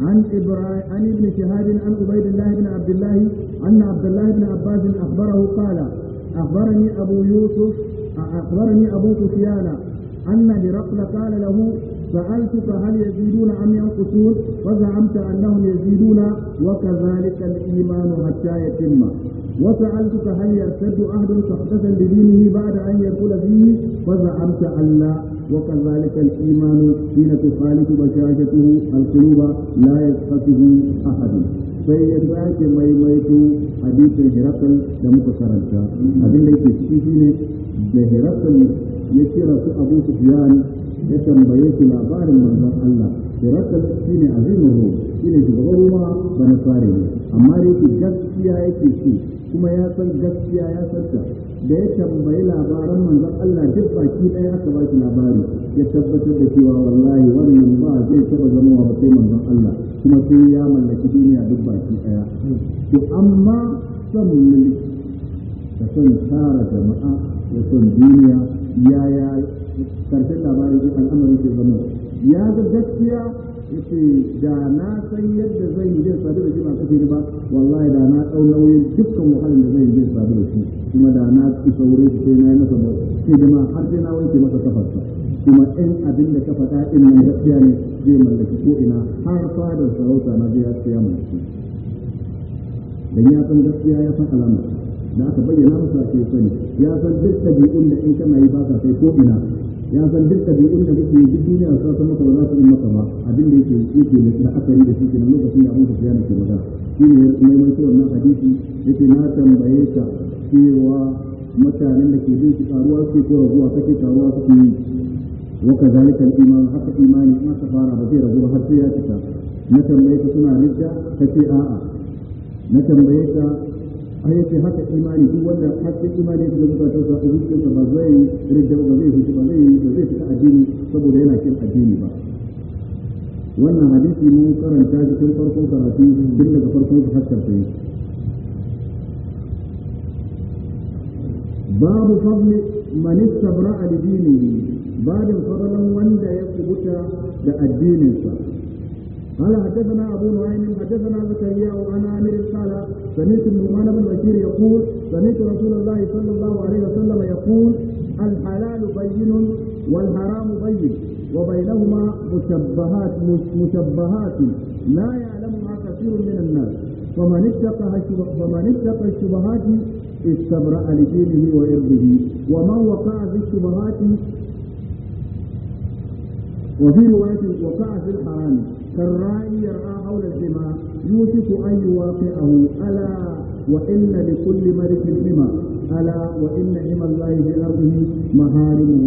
عن ابراهيم عن ابن شهاب عن عبيد الله بن عبد الله ان عبد الله بن عباس اخبره قال اخبرني ابو يوسف اخبرني ابو سفيان ان هرقل قال له سألتك هل يزيدون أم ينقصون وزعمت أنهم يزيدون وكذلك الإيمان حتى يتم وسألتك هل يرتد أحد صحبة بدينه بعد أن يقول فيه فزعمت أن لا وكذلك الإيمان حين تخالف بشاشته القلوب لا يسقطه أحد sai ya sake maimaito hadisin hirakal da muka karanta abin da yake ciki shine da hirakal ya kira su abu sufyan ya tambaye shi labarin manzon Allah ya shiraka shine azimuhu shine shugaban ruwa ba na fare ne amma da yake gaskiya yake shi kuma ya san gaskiya ya sassa da ya tambayi labaran manzon Allah duk baki ɗaya aka ba shi labari ya tabbatar da cewa wallahi wannan ba zai taɓa zama wa sai manzon Allah kuma sai ya mallaki duniya duk baki ɗaya to amma son mulki da son tara jama'a da son duniya yaya karshen labarin shi al'amarin ke zama ya ga gaskiya yace da na san yadda zan yi zai sadu da shi masu fi ba wallahi da na ɗau nauyin dukkan wahalar da zan yi zai sadu da shi kuma da na saure shi sai na yi masa bau sai da ma har sai na wanke masa kafarsa kuma ɗan abin da ka faɗa ɗin nan gaskiya ne zai mallaki ko ina har fadar sarauta na zai siya mai shi dan ya san gaskiya ya san alamar da aka bayyana masa ke sani ya san duk ɗabi'un da in kana yi ba ka sai ko ina ya san duk ɗabi'un da kake yi duk duniya sa san maka ba su maka ba abin da yake yake ne da aka yi da shi kenan lokacin da abin da shi yana ke shi ne neman cewa wannan hadisi yake na tambaye ka cewa mutanen da ke bin shi karuwa suke ko raguwa kake karuwa suke yi وكذلك الإيمان حتى إيمان ما تفارى بغير غير حتى يأتيك نتم بيك سنة رجع a'a na tambaye بيك ya yace haka imani duk wanda hakkin imani da shiga zuwa tausa a zuciyarsa ba zai rage ba zai fushi ba zai yi ba zai fita addini saboda yana kin addini ba wannan hadisi mun karanta shi tun farkon karatu tun daga farkon su hakkar yi. babu fadli man istabra'a li dinihi babin fadlan wanda ya kubuta da addininsa قال حدثنا ابو نعيم حدثنا زكريا وانا عامر قال سمعت النعمان بن بشير يقول سمعت رسول الله صلى الله عليه وسلم يقول الحلال بين والحرام بين وبينهما مشبهات مشبهات لا يعلمها كثير من الناس فمن اتقى فمن اتقى الشبهات استبرأ لدينه وعرضه ومن وقع في الشبهات وفي رواية وقع في الحرام كالراعي يرعى حول الزما يوشك أن يواقعه ألا وإن لكل ملك حمى ألا وإن حمى الله بأرضه محارمه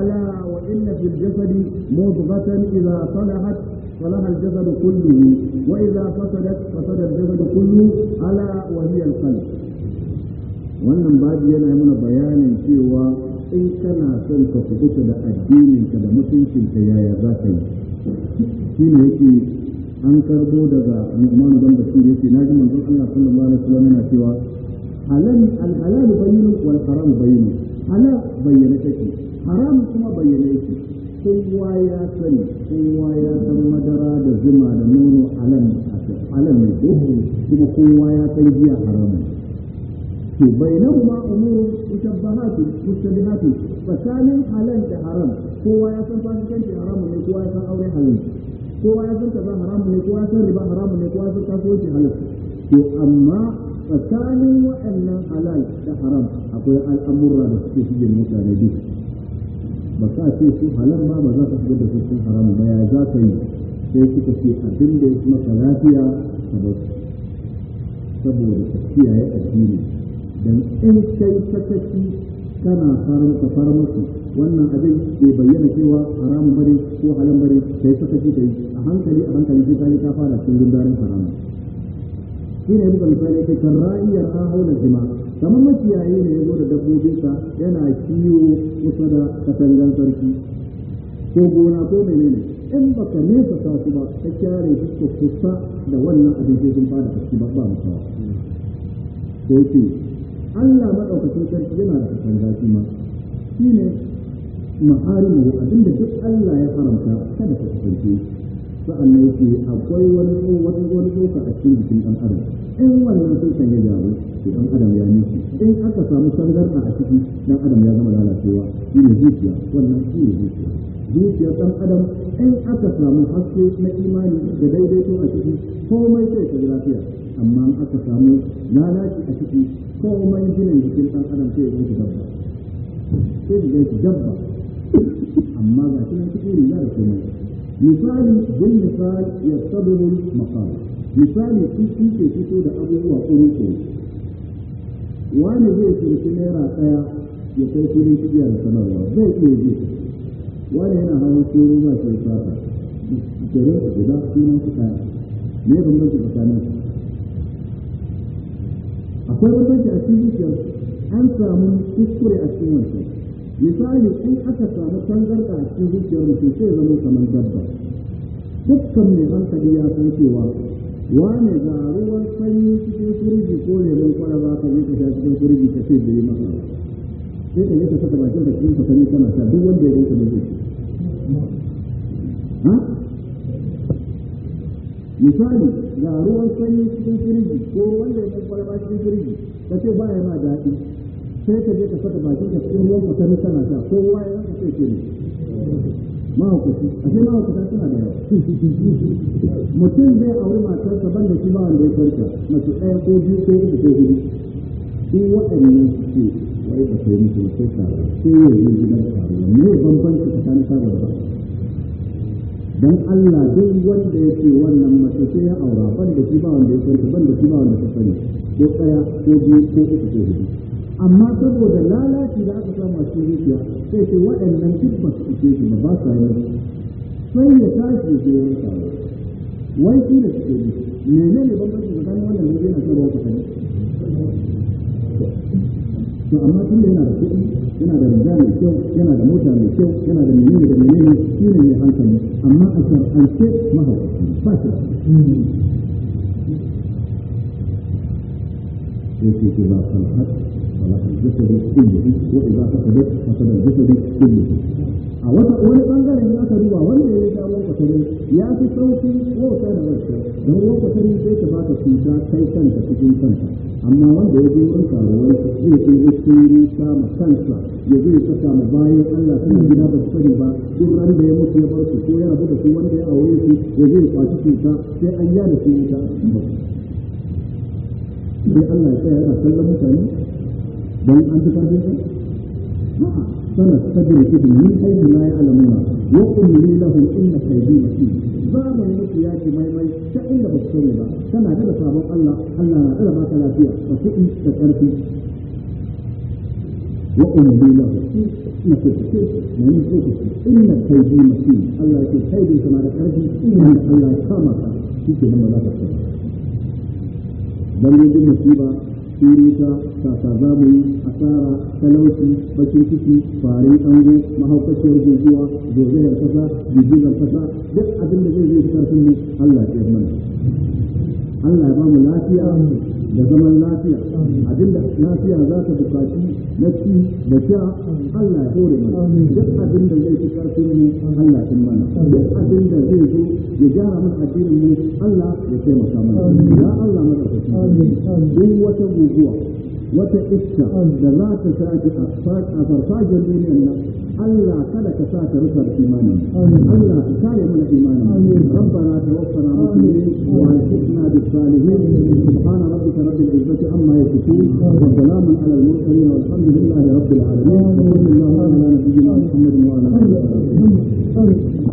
ألا وإن في الجسد مضغة إذا صلحت صلح الجسد كله وإذا فسدت فسد الجسد كله ألا وهي القلب wannan babu yana mana bayanin cewa in kana son ka kubuta da addininka da mutuncinka yaya za ka yi shi ne yake an karbo daga Nu'man bin Bashir yake na ji manzon Allah sallallahu alaihi wasallam yana cewa halal al-halal bayyinun wal haram bayyinun halal bayyana take haram kuma bayyana yake kowa ya sani kowa ya san madara da zuma da nono halal halal ne ko kuma kowa ya san jiya haram to bainahuma umurun mutabahatu mustabihatun tsakanin halal da haram kowa ya san fasikanci haramu ne kowa ya san aure halal kowa ya san kaza haramu ne kowa ya san riba haramu ne kowa ya san kasuwanci halal to amma tsakanin wa'annan halal da haram akwai al'amurra da suke shige mutane duk ba sa ce su halal ma ba za ka shigar da su sun haramu ba ya za ka yi sai suka ce abin da ya kuma ka lafiya ka ba saboda ka kiyaye addini dan in kai sakaci tana farin ka fara musu wannan abin bai bayyana cewa haramun bari ko halan bari kai saka ji yi a hankali a hankali sai kai ka fara cikin gundarin haramun shine yanzu misali kai kan ra'iyar ahula jima kamar maciyayi ne ya zo da dabbobinsa yana kiwo kusa da katangan sarki ko gona ko menene in baka nesa ta su ba ka kyare su kusa da wannan abin sai sun fara ba ba Allah maɗaukacin sarki yana da katanga shi ma shi ne ma'arimu abinda duk Allah ya haramta kada ka kasance sa'an na yake akwai wani wani wani tsoka a cikin jikin ɗan adam in wannan tsokan ya jaru sai ɗan adam ya nishi in aka samu sangarɗa a ciki ɗan adam ya zama lalacewa shi ne zuciya wannan shi ne zuciya zuciyar ɗan adam in aka samu haske na imani da daidaito a ciki komai sai ta lafiya amma aka samu lalaci a ciki komai ginin jikin ɗan adam sai ya ganshi dabba sai ya ganshi dabba amma ga shi nan cikin riga da komai misali bin misali ya sabiru maqam misali shi ke fito da abubuwa ƙuruƙuru wani zai turki naira ɗaya ya kai kudin kibiya da sanarwa zai iya ji wani yana hawa tsoro za shi ya sata da guda sunan su ɗaya me bambanci tsakanin su akwai bambanci a cikin zuciyar an samu kuskure a cikin wancan misali in aka samu tangarɗa a cikin zuciyar mutum sai zama kamar dabba dukkan mai hankali ya san cewa wane ga ruwan sanyi cikin firiji ko ne don ba ka yi ka cikin firiji ka ce yi maka sai ka yi ka saka bakin da cikin ka kana sha duk wanda ya rinka da zai misali ga ruwan sanyi cikin firiji ko wanda ya kwalba cikin firiji ka ce ba ya ma daɗi sai ka je ka saka bakin ka cikin ruwan kwatar tana sha ko ruwa ya zaka sai ke ne mahaukaci a ce mahaukaci suna da yawa mutum zai auri matarsa banda shi ba wanda ya farka mace ɗaya ko biyu ko uku ko hudu in waɗannan su ce wai ba sai mutum sai ka sai yau yi gidan karuwa ne bambanci tsakanin sabon ba dan Allah duk wanda ya ce wannan mace ce ya aura ban da shi ba wanda ya sani ban da shi ba wanda ta sani ko tsaya ko biyu ko uku ko hudu amma saboda lalaci da aka samu a cikin zuciya sai ce waɗannan duk ba su ce shi ba ba sa yi sai ya tashi ya da ya rasa wai shi da suke yi menene bambanci tsakanin wannan da yana son ruwa kusa to amma tun da yana da kuɗi yana da rinja mai kyau yana da mota mai kyau yana da menene da menene shi ne mai hankali amma a sarance mahaukaci ba shi da shi ke ba kan haɗa ba za ka jisa da ƙin yi ko ba ka kaɗa ba ka da jisa da ƙin yi a wata wani bangare ya aka duba wanda ya sha ruwan kwatami ya fi sauki wauta da wauta don ruwan kwatami sai ta baka cuta kai kanta cikin kanta amma wanda ya je wani, karuwai zai ce ya tsiri ma kansa ya zai ta ma bayan Allah suna gida ba su sani ba duk ran da ya mutu ya bar su ko ya buga su wanda ya aure su ya zai kwaci cuta sai an yada su ba sai Allah ya tsaya yana kallon mutane don an fi karfin سنستدركهم من حيث لا يعلمون وأملي لهم إن كيدي متين babu ne musu yaki ta inda ba su sani ba kana da sabon Allah Allah na kara baka lafiya ka kuɗi da karfi wa umri lahu na ce na ni ko ku inna kaydi matin Allah ke kaidin kana da ƙarfi inna Allah ya kama ka shi ke nan ba za ka dan dai musiba ta kasa zamani asara talauci bakin ciki farin ango mahaukaciyar guguwa zozayar kasa girgizar kasa duk abin da zai zai karfin mu Allah ya mana Allah ya ba mu lafiya da zaman lafiya abinda lafiya za ta bukaci na ci da sha Allah ya hore mana duk abin da zai fi karfin mu Allah ya mana duk abin da zai zo ya gyara mana addinin mu Allah ya taimaka mana ya Allah madaukakin duk wata guguwa وتأسك أنت لا تساعد أفصاد أفرصاد من الله ألا تلك رسل إيمانا ألا تساعد من الإيمان ربنا توفنا مسلمين وعيشنا بالصالحين سبحان ربك رب العزة عما يصفون وسلام على المرسلين والحمد لله رب العالمين وصلى الله على نبينا محمد وعلى